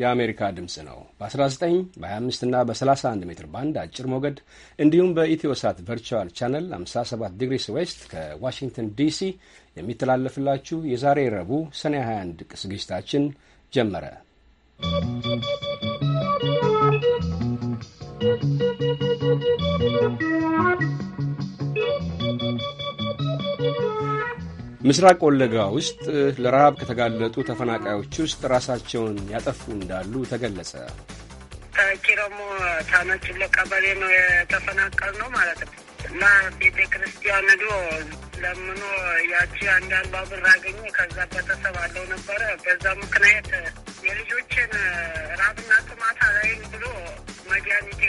የአሜሪካ ድምፅ ነው። በ19 በ25 እና በ31 ሜትር ባንድ አጭር ሞገድ እንዲሁም በኢትዮ ሳት ቨርቹዋል ቻነል 57 ዲግሪስ ዌስት ከዋሽንግተን ዲሲ የሚተላለፍላችሁ የዛሬ ረቡዕ ሰኔ 21 ዝግጅታችን ጀመረ። ምስራቅ ወለጋ ውስጥ ለረሃብ ከተጋለጡ ተፈናቃዮች ውስጥ ራሳቸውን ያጠፉ እንዳሉ ተገለጸ። ኪረሙ ታኖች ለቀበሌ ነው የተፈናቀል ነው ማለት ነው እና ቤተ ክርስቲያን ዶ ለምኖ ያቺ አንዳንዷ ብር አገኘ። ከዛ ቤተሰብ አለው ነበረ። በዛ ምክንያት የልጆችን ራብና ጥማት አላይም ብሎ መድኃኒት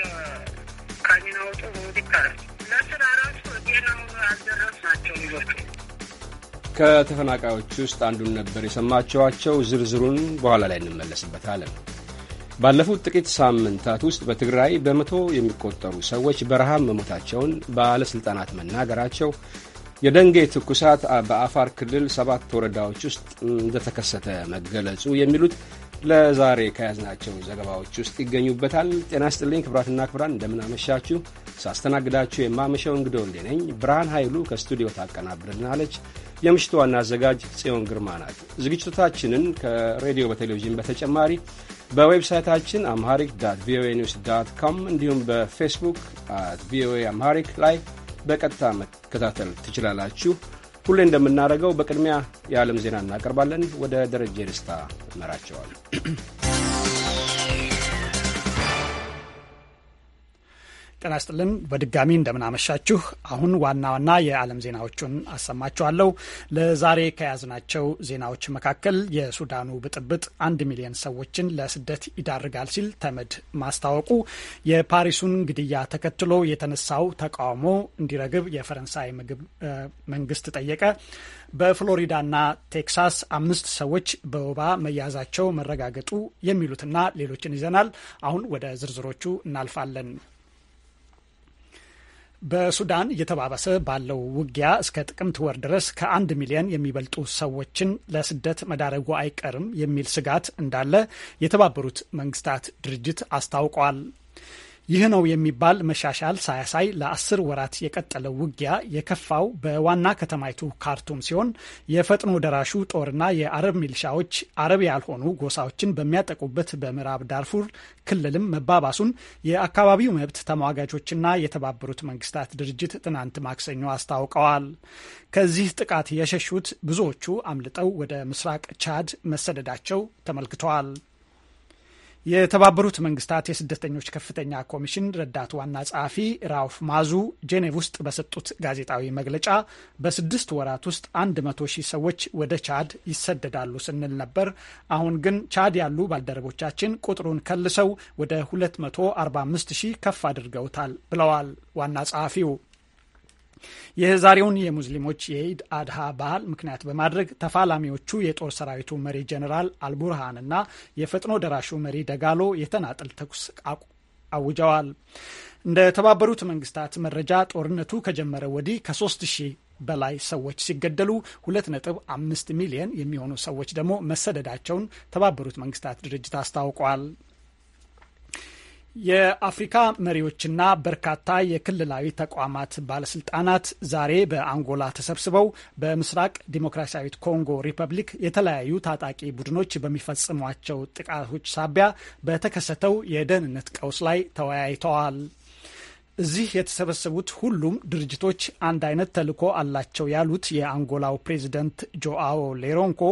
ካሚናወጡ ውድካል ለስራ ራሱ ጤናው አልደረስ ናቸው ልጆቹ ከተፈናቃዮች ውስጥ አንዱን ነበር የሰማችኋቸው። ዝርዝሩን በኋላ ላይ እንመለስበታለን። ባለፉት ጥቂት ሳምንታት ውስጥ በትግራይ በመቶ የሚቆጠሩ ሰዎች በረሃብ መሞታቸውን ባለሥልጣናት መናገራቸው፣ የደንጌ ትኩሳት በአፋር ክልል ሰባት ወረዳዎች ውስጥ እንደተከሰተ መገለጹ የሚሉት ለዛሬ ከያዝናቸው ዘገባዎች ውስጥ ይገኙበታል። ጤና ስጥልኝ ክብራትና ክብራን፣ እንደምናመሻችሁ ሳስተናግዳችሁ የማመሸው እንግዶ ወልዴ ነኝ። ብርሃን ኃይሉ ከስቱዲዮ ታቀናብርልናለች። የምሽቱ ዋና አዘጋጅ ጽዮን ግርማ ናት። ዝግጅቶታችንን ከሬዲዮ በቴሌቪዥን በተጨማሪ በዌብሳይታችን አምሃሪክ ዳት ቪኦኤ ኒውስ ዳት ኮም እንዲሁም በፌስቡክ አት ቪኦኤ አምሃሪክ ላይ በቀጥታ መከታተል ትችላላችሁ። ሁሌ እንደምናደርገው በቅድሚያ የዓለም ዜና እናቀርባለን። ወደ ደረጀ ደስታ እመራቸዋለሁ። ጤና ይስጥልን በድጋሚ እንደምናመሻችሁ። አሁን ዋና ዋና የዓለም ዜናዎቹን አሰማችኋለሁ። ለዛሬ ከያዝናቸው ዜናዎች መካከል የሱዳኑ ብጥብጥ አንድ ሚሊዮን ሰዎችን ለስደት ይዳርጋል ሲል ተመድ ማስታወቁ፣ የፓሪሱን ግድያ ተከትሎ የተነሳው ተቃውሞ እንዲረግብ የፈረንሳይ ምግብ መንግስት ጠየቀ፣ በፍሎሪዳና ቴክሳስ አምስት ሰዎች በወባ መያዛቸው መረጋገጡ የሚሉትና ሌሎችን ይዘናል። አሁን ወደ ዝርዝሮቹ እናልፋለን። በሱዳን እየተባባሰ ባለው ውጊያ እስከ ጥቅምት ወር ድረስ ከአንድ ሚሊዮን የሚበልጡ ሰዎችን ለስደት መዳረጉ አይቀርም የሚል ስጋት እንዳለ የተባበሩት መንግስታት ድርጅት አስታውቋል። ይህ ነው የሚባል መሻሻል ሳያሳይ ለአስር ወራት የቀጠለው ውጊያ የከፋው በዋና ከተማይቱ ካርቱም ሲሆን የፈጥኖ ደራሹ ጦርና የአረብ ሚሊሻዎች አረብ ያልሆኑ ጎሳዎችን በሚያጠቁበት በምዕራብ ዳርፉር ክልልም መባባሱን የአካባቢው መብት ተሟጋቾችና የተባበሩት መንግስታት ድርጅት ትናንት ማክሰኞ አስታውቀዋል። ከዚህ ጥቃት የሸሹት ብዙዎቹ አምልጠው ወደ ምስራቅ ቻድ መሰደዳቸው ተመልክተዋል። የተባበሩት መንግስታት የስደተኞች ከፍተኛ ኮሚሽን ረዳት ዋና ጸሐፊ ራውፍ ማዙ ጄኔቭ ውስጥ በሰጡት ጋዜጣዊ መግለጫ በስድስት ወራት ውስጥ አንድ መቶ ሺህ ሰዎች ወደ ቻድ ይሰደዳሉ ስንል ነበር። አሁን ግን ቻድ ያሉ ባልደረቦቻችን ቁጥሩን ከልሰው ወደ 245 ሺህ ከፍ አድርገውታል ብለዋል ዋና ጸሐፊው። የዛሬውን የሙስሊሞች የኢድ አድሃ በዓል ምክንያት በማድረግ ተፋላሚዎቹ የጦር ሰራዊቱ መሪ ጀኔራል አልቡርሃን እና የፈጥኖ ደራሹ መሪ ደጋሎ የተናጠል ተኩስ አውጀዋል። እንደ ተባበሩት መንግስታት መረጃ ጦርነቱ ከጀመረ ወዲህ ከሶስት ሺህ በላይ ሰዎች ሲገደሉ ሁለት ነጥብ አምስት ሚሊየን የሚሆኑ ሰዎች ደግሞ መሰደዳቸውን ተባበሩት መንግስታት ድርጅት አስታውቋል። የአፍሪካ መሪዎችና በርካታ የክልላዊ ተቋማት ባለስልጣናት ዛሬ በአንጎላ ተሰብስበው በምስራቅ ዲሞክራሲያዊት ኮንጎ ሪፐብሊክ የተለያዩ ታጣቂ ቡድኖች በሚፈጽሟቸው ጥቃቶች ሳቢያ በተከሰተው የደህንነት ቀውስ ላይ ተወያይተዋል። እዚህ የተሰበሰቡት ሁሉም ድርጅቶች አንድ አይነት ተልዕኮ አላቸው ያሉት የአንጎላው ፕሬዚደንት ጆአዎ ሌሮንኮ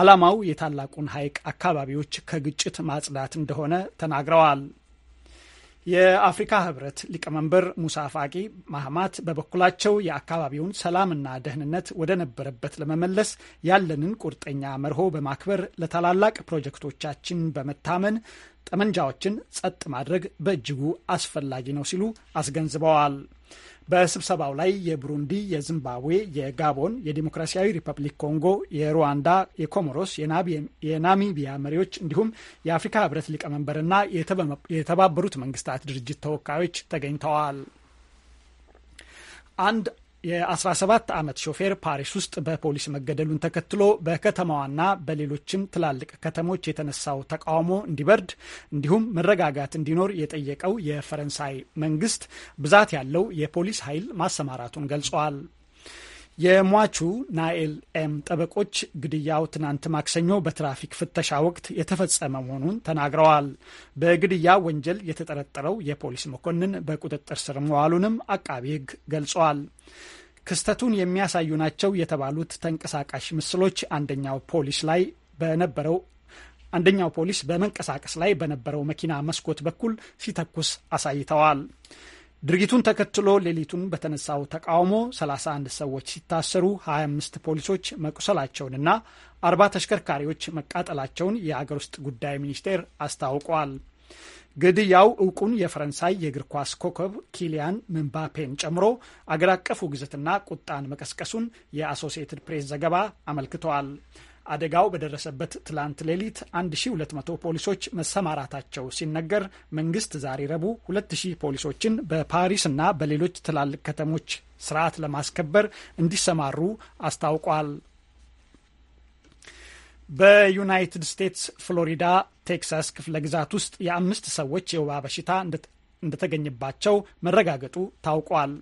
ዓላማው የታላቁን ሐይቅ አካባቢዎች ከግጭት ማጽዳት እንደሆነ ተናግረዋል። የአፍሪካ ህብረት ሊቀመንበር ሙሳ ፋቂ ማህማት በበኩላቸው የአካባቢውን ሰላምና ደህንነት ወደ ነበረበት ለመመለስ ያለንን ቁርጠኛ መርሆ በማክበር ለታላላቅ ፕሮጀክቶቻችን በመታመን ጠመንጃዎችን ጸጥ ማድረግ በእጅጉ አስፈላጊ ነው ሲሉ አስገንዝበዋል። በስብሰባው ላይ የቡሩንዲ፣ የዚምባብዌ፣ የጋቦን፣ የዲሞክራሲያዊ ሪፐብሊክ ኮንጎ፣ የሩዋንዳ፣ የኮሞሮስ፣ የናሚቢያ መሪዎች እንዲሁም የአፍሪካ ህብረት ሊቀመንበርና የተባበሩት መንግስታት ድርጅት ተወካዮች ተገኝተዋል። አንድ የ17 ዓመት ሾፌር ፓሪስ ውስጥ በፖሊስ መገደሉን ተከትሎ በከተማዋና በሌሎችም ትላልቅ ከተሞች የተነሳው ተቃውሞ እንዲበርድ እንዲሁም መረጋጋት እንዲኖር የጠየቀው የፈረንሳይ መንግስት ብዛት ያለው የፖሊስ ኃይል ማሰማራቱን ገልጿል። የሟቹ ናኤል ኤም ጠበቆች ግድያው ትናንት ማክሰኞ በትራፊክ ፍተሻ ወቅት የተፈጸመ መሆኑን ተናግረዋል። በግድያ ወንጀል የተጠረጠረው የፖሊስ መኮንን በቁጥጥር ስር መዋሉንም አቃቢ ሕግ ገልጿል። ክስተቱን የሚያሳዩ ናቸው የተባሉት ተንቀሳቃሽ ምስሎች አንደኛው ፖሊስ ላይ በነበረው አንደኛው ፖሊስ በመንቀሳቀስ ላይ በነበረው መኪና መስኮት በኩል ሲተኩስ አሳይተዋል። ድርጊቱን ተከትሎ ሌሊቱን በተነሳው ተቃውሞ 31 ሰዎች ሲታሰሩ 25 ፖሊሶች መቁሰላቸውንና 40 ተሽከርካሪዎች መቃጠላቸውን የአገር ውስጥ ጉዳይ ሚኒስቴር አስታውቋል። ግድያው እውቁን የፈረንሳይ የእግር ኳስ ኮከብ ኪሊያን ምንባፔን ጨምሮ አገር አቀፍ ውግዘትና ቁጣን መቀስቀሱን የአሶሲኤትድ ፕሬስ ዘገባ አመልክተዋል። አደጋው በደረሰበት ትላንት ሌሊት 1200 ፖሊሶች መሰማራታቸው ሲነገር መንግስት ዛሬ ረቡዕ 2000 ፖሊሶችን በፓሪስና በሌሎች ትላልቅ ከተሞች ስርዓት ለማስከበር እንዲሰማሩ አስታውቋል። በዩናይትድ ስቴትስ ፍሎሪዳ ቴክሳስ ክፍለ ግዛት ውስጥ የአምስት ሰዎች የወባ በሽታ እንደተገኘባቸው መረጋገጡ ታውቋል።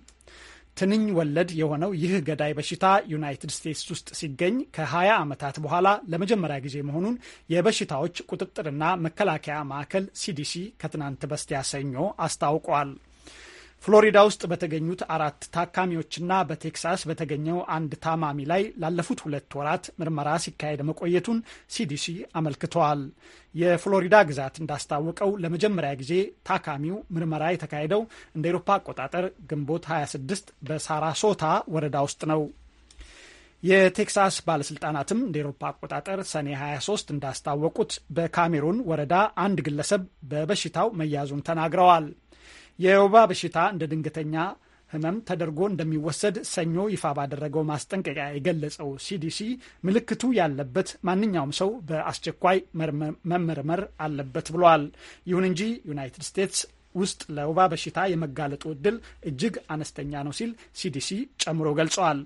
ትንኝ ወለድ የሆነው ይህ ገዳይ በሽታ ዩናይትድ ስቴትስ ውስጥ ሲገኝ ከ20 ዓመታት በኋላ ለመጀመሪያ ጊዜ መሆኑን የበሽታዎች ቁጥጥርና መከላከያ ማዕከል ሲዲሲ ከትናንት በስቲያ ሰኞ አስታውቋል። ፍሎሪዳ ውስጥ በተገኙት አራት ታካሚዎችና በቴክሳስ በተገኘው አንድ ታማሚ ላይ ላለፉት ሁለት ወራት ምርመራ ሲካሄድ መቆየቱን ሲዲሲ አመልክተዋል። የፍሎሪዳ ግዛት እንዳስታወቀው ለመጀመሪያ ጊዜ ታካሚው ምርመራ የተካሄደው እንደ ኤሮፓ አቆጣጠር ግንቦት 26 በሳራሶታ ወረዳ ውስጥ ነው። የቴክሳስ ባለስልጣናትም እንደ ኤሮፓ አቆጣጠር ሰኔ 23 እንዳስታወቁት በካሜሩን ወረዳ አንድ ግለሰብ በበሽታው መያዙን ተናግረዋል። የወባ በሽታ እንደ ድንገተኛ ህመም ተደርጎ እንደሚወሰድ ሰኞ ይፋ ባደረገው ማስጠንቀቂያ የገለጸው ሲዲሲ ምልክቱ ያለበት ማንኛውም ሰው በአስቸኳይ መመርመር አለበት ብሏል። ይሁን እንጂ ዩናይትድ ስቴትስ ውስጥ ለወባ በሽታ የመጋለጡ እድል እጅግ አነስተኛ ነው ሲል ሲዲሲ ጨምሮ ገልጸዋል።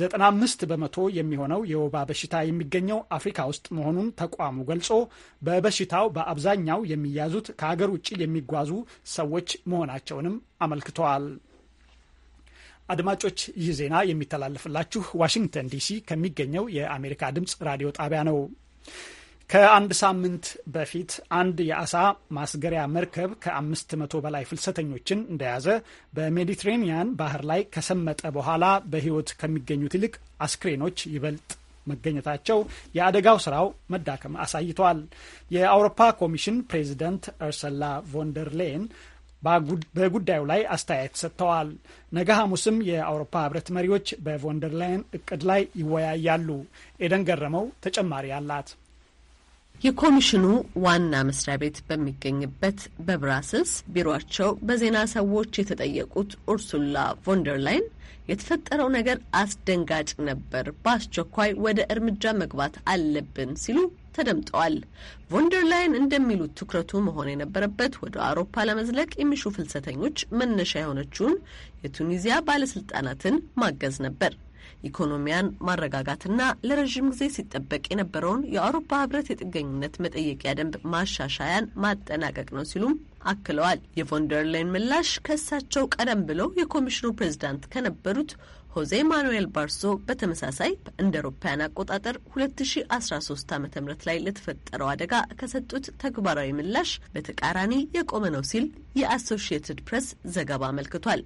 95 በመቶ የሚሆነው የወባ በሽታ የሚገኘው አፍሪካ ውስጥ መሆኑን ተቋሙ ገልጾ በበሽታው በአብዛኛው የሚያዙት ከሀገር ውጭ የሚጓዙ ሰዎች መሆናቸውንም አመልክተዋል። አድማጮች፣ ይህ ዜና የሚተላለፍላችሁ ዋሽንግተን ዲሲ ከሚገኘው የአሜሪካ ድምፅ ራዲዮ ጣቢያ ነው። ከአንድ ሳምንት በፊት አንድ የአሳ ማስገሪያ መርከብ ከአምስት መቶ በላይ ፍልሰተኞችን እንደያዘ በሜዲትሬኒያን ባህር ላይ ከሰመጠ በኋላ በሕይወት ከሚገኙት ይልቅ አስክሬኖች ይበልጥ መገኘታቸው የአደጋው ስራው መዳከም አሳይተዋል። የአውሮፓ ኮሚሽን ፕሬዚደንት እርሰላ ቮንደር ሌን በጉዳዩ ላይ አስተያየት ሰጥተዋል። ነገ ሐሙስም የአውሮፓ ህብረት መሪዎች በቮንደርላይን እቅድ ላይ ይወያያሉ። ኤደን ገረመው ተጨማሪ አላት። የኮሚሽኑ ዋና መስሪያ ቤት በሚገኝበት በብራስልስ ቢሮቸው በዜና ሰዎች የተጠየቁት ኡርሱላ ቮንደርላይን የተፈጠረው ነገር አስደንጋጭ ነበር፣ በአስቸኳይ ወደ እርምጃ መግባት አለብን ሲሉ ተደምጠዋል። ቮንደርላይን እንደሚሉት ትኩረቱ መሆን የነበረበት ወደ አውሮፓ ለመዝለቅ የሚሹ ፍልሰተኞች መነሻ የሆነችውን የቱኒዚያ ባለስልጣናትን ማገዝ ነበር። ኢኮኖሚያን ማረጋጋትና ለረዥም ጊዜ ሲጠበቅ የነበረውን የአውሮፓ ህብረት የጥገኝነት መጠየቂያ ደንብ ማሻሻያን ማጠናቀቅ ነው ሲሉም አክለዋል። የቮንደርላይን ምላሽ ከእሳቸው ቀደም ብለው የኮሚሽኑ ፕሬዚዳንት ከነበሩት ሆዜ ማኑኤል ባርሶ በተመሳሳይ እንደ አውሮፓውያን አቆጣጠር 2013 ዓ ም ላይ ለተፈጠረው አደጋ ከሰጡት ተግባራዊ ምላሽ በተቃራኒ የቆመ ነው ሲል የአሶሺየትድ ፕሬስ ዘገባ አመልክቷል።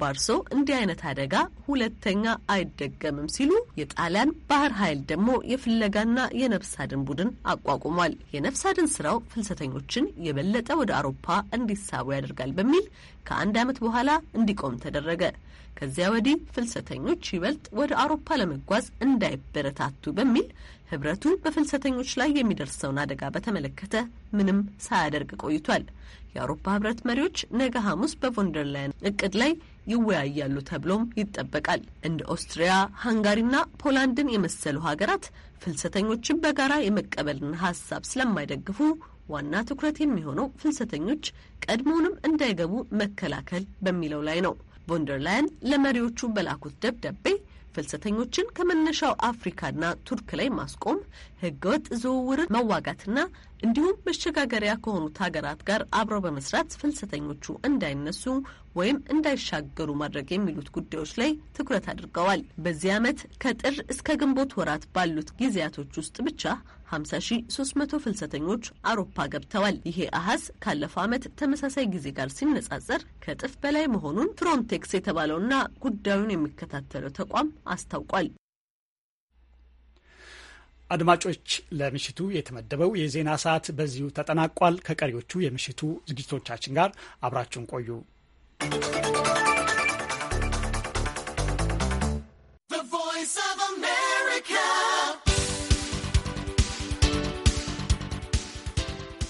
ባርሶ እንዲህ አይነት አደጋ ሁለተኛ አይደገምም ሲሉ የጣሊያን ባህር ኃይል ደግሞ የፍለጋና የነፍስ አድን ቡድን አቋቁሟል። የነፍስ አድን ስራው ፍልሰተኞችን የበለጠ ወደ አውሮፓ እንዲሳቡ ያደርጋል በሚል ከአንድ ዓመት በኋላ እንዲቆም ተደረገ። ከዚያ ወዲህ ፍልሰተኞች ይበልጥ ወደ አውሮፓ ለመጓዝ እንዳይበረታቱ በሚል ህብረቱ በፍልሰተኞች ላይ የሚደርሰውን አደጋ በተመለከተ ምንም ሳያደርግ ቆይቷል። የአውሮፓ ህብረት መሪዎች ነገ ሐሙስ በቮንደርላይን እቅድ ላይ ይወያያሉ ተብሎም ይጠበቃል። እንደ ኦስትሪያ፣ ሃንጋሪና ፖላንድን የመሰሉ ሀገራት ፍልሰተኞችን በጋራ የመቀበልን ሀሳብ ስለማይደግፉ ዋና ትኩረት የሚሆነው ፍልሰተኞች ቀድሞውንም እንዳይገቡ መከላከል በሚለው ላይ ነው። ቮንደርላይን ለመሪዎቹ በላኩት ደብዳቤ ፍልሰተኞችን ከመነሻው አፍሪካና ቱርክ ላይ ማስቆም፣ ህገወጥ ዝውውርን መዋጋትና እንዲሁም መሸጋገሪያ ከሆኑት ሀገራት ጋር አብረው በመስራት ፍልሰተኞቹ እንዳይነሱ ወይም እንዳይሻገሩ ማድረግ የሚሉት ጉዳዮች ላይ ትኩረት አድርገዋል። በዚህ ዓመት ከጥር እስከ ግንቦት ወራት ባሉት ጊዜያቶች ውስጥ ብቻ 50300 ፍልሰተኞች አውሮፓ ገብተዋል። ይሄ አሀዝ ካለፈው ዓመት ተመሳሳይ ጊዜ ጋር ሲነጻጸር ከእጥፍ በላይ መሆኑን ፍሮንቴክስ የተባለውና ጉዳዩን የሚከታተለው ተቋም አስታውቋል። አድማጮች፣ ለምሽቱ የተመደበው የዜና ሰዓት በዚሁ ተጠናቋል። ከቀሪዎቹ የምሽቱ ዝግጅቶቻችን ጋር አብራችሁን ቆዩ።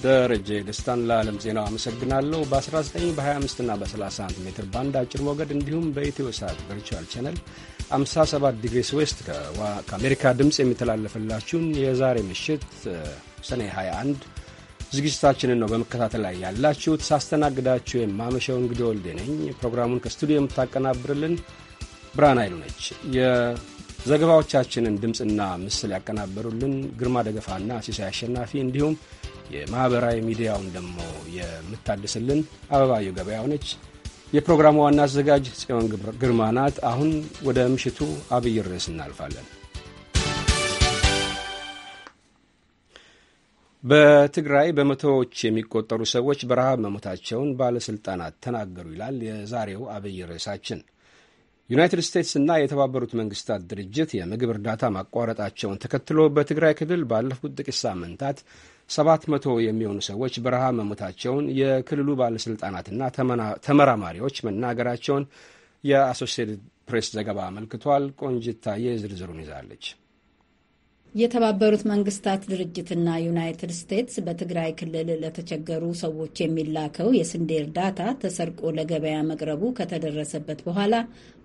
ደረጀ ደስታን ለዓለም ዜናው አመሰግናለሁ። በ19 በ25 እና በ31 ሜትር ባንድ አጭር ሞገድ እንዲሁም በኢትዮ ሳት ቨርቹዋል ቻነል 57 ዲግሪስ ዌስት ከአሜሪካ ድምፅ የሚተላለፍላችሁን የዛሬ ምሽት ሰኔ 21 ዝግጅታችንን ነው በመከታተል ላይ ያላችሁት። ሳስተናግዳችሁ የማመሸው እንግዲህ ወልዴ ነኝ። ፕሮግራሙን ከስቱዲዮ የምታቀናብርልን ብርሃን ኃይሉ ነች። የዘገባዎቻችንን ድምፅና ምስል ያቀናበሩልን ግርማ ደገፋና ሲሳይ አሸናፊ እንዲሁም የማኅበራዊ ሚዲያውን ደግሞ የምታድስልን አበባየሁ ገበያው ነች። የፕሮግራሙ ዋና አዘጋጅ ጽዮን ግርማ ናት። አሁን ወደ ምሽቱ አብይ ርዕስ እናልፋለን። በትግራይ በመቶዎች የሚቆጠሩ ሰዎች በረሃብ መሞታቸውን ባለሥልጣናት ተናገሩ ይላል የዛሬው አብይ ርዕሳችን። ዩናይትድ ና የተባበሩት መንግስታት ድርጅት የምግብ እርዳታ ማቋረጣቸውን ተከትሎ በትግራይ ክልል ባለፉት ጥቂት ሳምንታት ሰባት መቶ የሚሆኑ ሰዎች በረሃ መሞታቸውን የክልሉ ባለሥልጣናትና ተመራማሪዎች መናገራቸውን የአሶሲኤትድ ፕሬስ ዘገባ አመልክቷል። ቆንጅታዬ ዝርዝሩን ይዛለች። የተባበሩት መንግስታት ድርጅትና ዩናይትድ ስቴትስ በትግራይ ክልል ለተቸገሩ ሰዎች የሚላከው የስንዴ እርዳታ ተሰርቆ ለገበያ መቅረቡ ከተደረሰበት በኋላ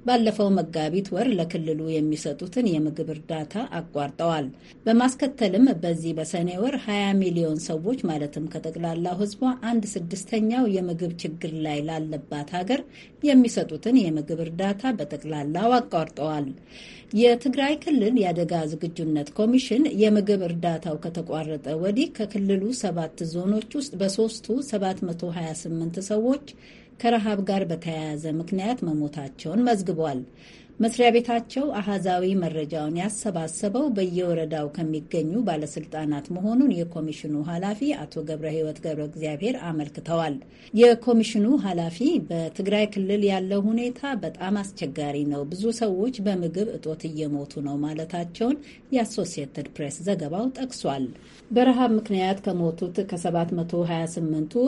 ባለፈው መጋቢት ወር ለክልሉ የሚሰጡትን የምግብ እርዳታ አቋርጠዋል። በማስከተልም በዚህ በሰኔ ወር 20 ሚሊዮን ሰዎች ማለትም ከጠቅላላው ሕዝቧ አንድ ስድስተኛው የምግብ ችግር ላይ ላለባት ሀገር የሚሰጡትን የምግብ እርዳታ በጠቅላላው አቋርጠዋል። የትግራይ ክልል የአደጋ ዝግጁነት ኮሚሽን የምግብ እርዳታው ከተቋረጠ ወዲህ ከክልሉ ሰባት ዞኖች ውስጥ በሶስቱ 728 ሰዎች ከረሃብ ጋር በተያያዘ ምክንያት መሞታቸውን መዝግቧል። መስሪያ ቤታቸው አሃዛዊ መረጃውን ያሰባሰበው በየወረዳው ከሚገኙ ባለስልጣናት መሆኑን የኮሚሽኑ ኃላፊ አቶ ገብረ ህይወት ገብረ እግዚአብሔር አመልክተዋል። የኮሚሽኑ ኃላፊ በትግራይ ክልል ያለው ሁኔታ በጣም አስቸጋሪ ነው፣ ብዙ ሰዎች በምግብ እጦት እየሞቱ ነው ማለታቸውን የአሶሲየትድ ፕሬስ ዘገባው ጠቅሷል። በረሃብ ምክንያት ከሞቱት ከ728ቱ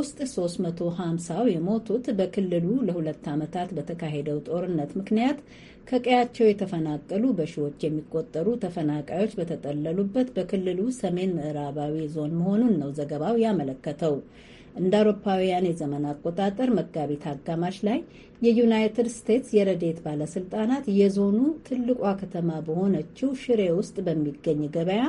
ውስጥ 350ው የሞቱት በክልሉ ለሁለት ዓመታት በተካሄደው ጦርነት ምክንያት ከቀያቸው የተፈናቀሉ በሺዎች የሚቆጠሩ ተፈናቃዮች በተጠለሉበት በክልሉ ሰሜን ምዕራባዊ ዞን መሆኑን ነው ዘገባው ያመለከተው። እንደ አውሮፓውያን የዘመን አቆጣጠር መጋቢት አጋማሽ ላይ የዩናይትድ ስቴትስ የረዴት ባለስልጣናት የዞኑ ትልቋ ከተማ በሆነችው ሽሬ ውስጥ በሚገኝ ገበያ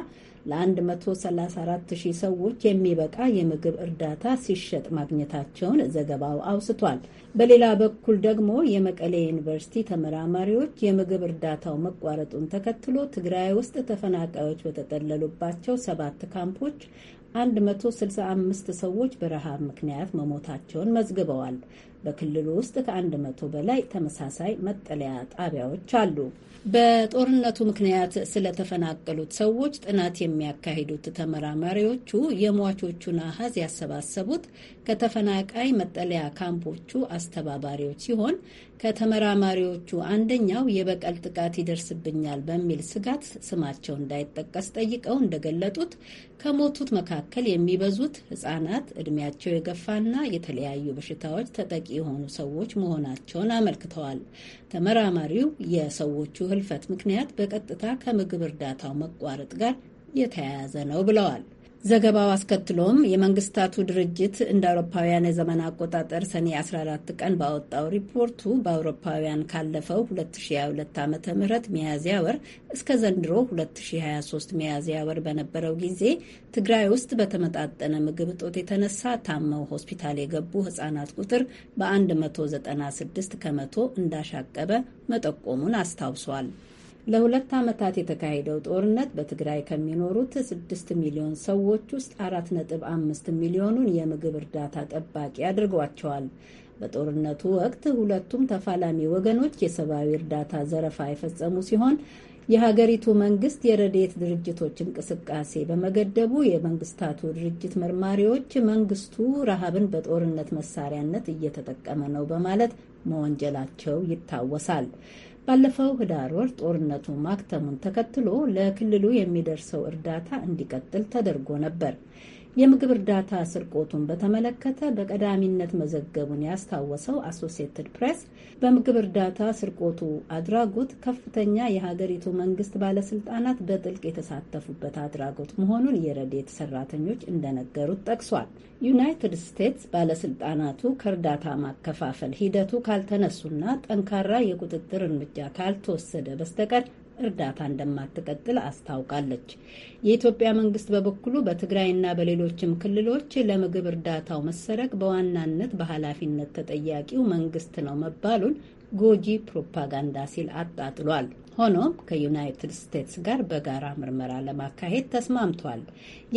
ለ134 ሺህ ሰዎች የሚበቃ የምግብ እርዳታ ሲሸጥ ማግኘታቸውን ዘገባው አውስቷል። በሌላ በኩል ደግሞ የመቀሌ ዩኒቨርሲቲ ተመራማሪዎች የምግብ እርዳታው መቋረጡን ተከትሎ ትግራይ ውስጥ ተፈናቃዮች በተጠለሉባቸው ሰባት ካምፖች 165 ሰዎች በረሃብ ምክንያት መሞታቸውን መዝግበዋል። በክልሉ ውስጥ ከ100 በላይ ተመሳሳይ መጠለያ ጣቢያዎች አሉ። በጦርነቱ ምክንያት ስለተፈናቀሉት ሰዎች ጥናት የሚያካሂዱት ተመራማሪዎቹ የሟቾቹን አሀዝ ያሰባሰቡት ከተፈናቃይ መጠለያ ካምፖቹ አስተባባሪዎች ሲሆን ከተመራማሪዎቹ አንደኛው የበቀል ጥቃት ይደርስብኛል በሚል ስጋት ስማቸው እንዳይጠቀስ ጠይቀው እንደገለጡት ከሞቱት መካከል የሚበዙት ሕጻናት፣ እድሜያቸው የገፋና የተለያዩ በሽታዎች ተጠቂ የሆኑ ሰዎች መሆናቸውን አመልክተዋል። ተመራማሪው የሰዎቹ ሕልፈት ምክንያት በቀጥታ ከምግብ እርዳታው መቋረጥ ጋር የተያያዘ ነው ብለዋል። ዘገባው አስከትሎም የመንግስታቱ ድርጅት እንደ አውሮፓውያን የዘመን አቆጣጠር ሰኔ 14 ቀን ባወጣው ሪፖርቱ በአውሮፓውያን ካለፈው 2022 ዓ ም ሚያዝያ ወር እስከ ዘንድሮ 2023 ሚያዝያ ወር በነበረው ጊዜ ትግራይ ውስጥ በተመጣጠነ ምግብ እጦት የተነሳ ታመው ሆስፒታል የገቡ ህጻናት ቁጥር በ196 ከመቶ እንዳሻቀበ መጠቆሙን አስታውሷል። ለሁለት ዓመታት የተካሄደው ጦርነት በትግራይ ከሚኖሩት 6 ሚሊዮን ሰዎች ውስጥ 4.5 ሚሊዮኑን የምግብ እርዳታ ጠባቂ አድርጓቸዋል። በጦርነቱ ወቅት ሁለቱም ተፋላሚ ወገኖች የሰብአዊ እርዳታ ዘረፋ የፈጸሙ ሲሆን የሀገሪቱ መንግስት የረድኤት ድርጅቶች እንቅስቃሴ በመገደቡ የመንግስታቱ ድርጅት መርማሪዎች መንግስቱ ረሃብን በጦርነት መሳሪያነት እየተጠቀመ ነው በማለት መወንጀላቸው ይታወሳል። ባለፈው ህዳር ወር ጦርነቱ ማክተሙን ተከትሎ ለክልሉ የሚደርሰው እርዳታ እንዲቀጥል ተደርጎ ነበር። የምግብ እርዳታ ስርቆቱን በተመለከተ በቀዳሚነት መዘገቡን ያስታወሰው አሶሲየትድ ፕሬስ በምግብ እርዳታ ስርቆቱ አድራጎት ከፍተኛ የሀገሪቱ መንግስት ባለስልጣናት በጥልቅ የተሳተፉበት አድራጎት መሆኑን የረዴት ሰራተኞች እንደነገሩት ጠቅሷል። ዩናይትድ ስቴትስ ባለስልጣናቱ ከእርዳታ ማከፋፈል ሂደቱ ካልተነሱና ጠንካራ የቁጥጥር እርምጃ ካልተወሰደ በስተቀር እርዳታ እንደማትቀጥል አስታውቃለች። የኢትዮጵያ መንግስት በበኩሉ በትግራይና በሌሎችም ክልሎች ለምግብ እርዳታው መሰረቅ በዋናነት በኃላፊነት ተጠያቂው መንግስት ነው መባሉን ጎጂ ፕሮፓጋንዳ ሲል አጣጥሏል። ሆኖም ከዩናይትድ ስቴትስ ጋር በጋራ ምርመራ ለማካሄድ ተስማምቷል።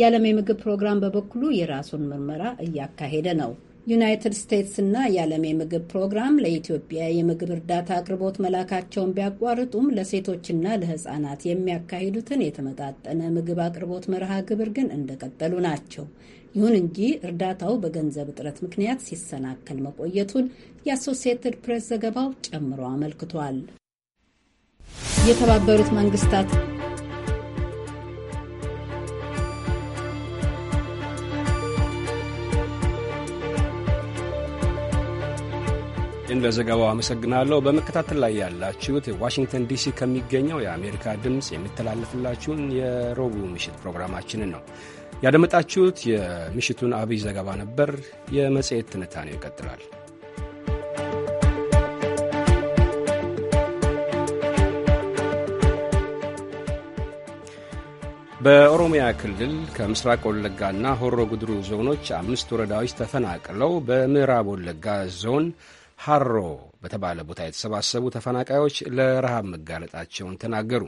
የዓለም የምግብ ፕሮግራም በበኩሉ የራሱን ምርመራ እያካሄደ ነው። ዩናይትድ ስቴትስ እና የዓለም የምግብ ፕሮግራም ለኢትዮጵያ የምግብ እርዳታ አቅርቦት መላካቸውን ቢያቋርጡም ለሴቶችና ለሕፃናት የሚያካሂዱትን የተመጣጠነ ምግብ አቅርቦት መርሃ ግብር ግን እንደቀጠሉ ናቸው። ይሁን እንጂ እርዳታው በገንዘብ እጥረት ምክንያት ሲሰናከል መቆየቱን የአሶሲየትድ ፕሬስ ዘገባው ጨምሮ አመልክቷል። የተባበሩት መንግስታት እንደ ለዘገባው አመሰግናለሁ። በመከታተል ላይ ያላችሁት ዋሽንግተን ዲሲ ከሚገኘው የአሜሪካ ድምፅ የሚተላለፍላችሁን የረቡዕ ምሽት ፕሮግራማችንን ነው ያደመጣችሁት። የምሽቱን አብይ ዘገባ ነበር። የመጽሔት ትንታኔው ይቀጥላል። በኦሮሚያ ክልል ከምስራቅ ወለጋና ሆሮ ጉድሩ ዞኖች አምስት ወረዳዎች ተፈናቅለው በምዕራብ ወለጋ ዞን ሃሮ በተባለ ቦታ የተሰባሰቡ ተፈናቃዮች ለረሃብ መጋለጣቸውን ተናገሩ።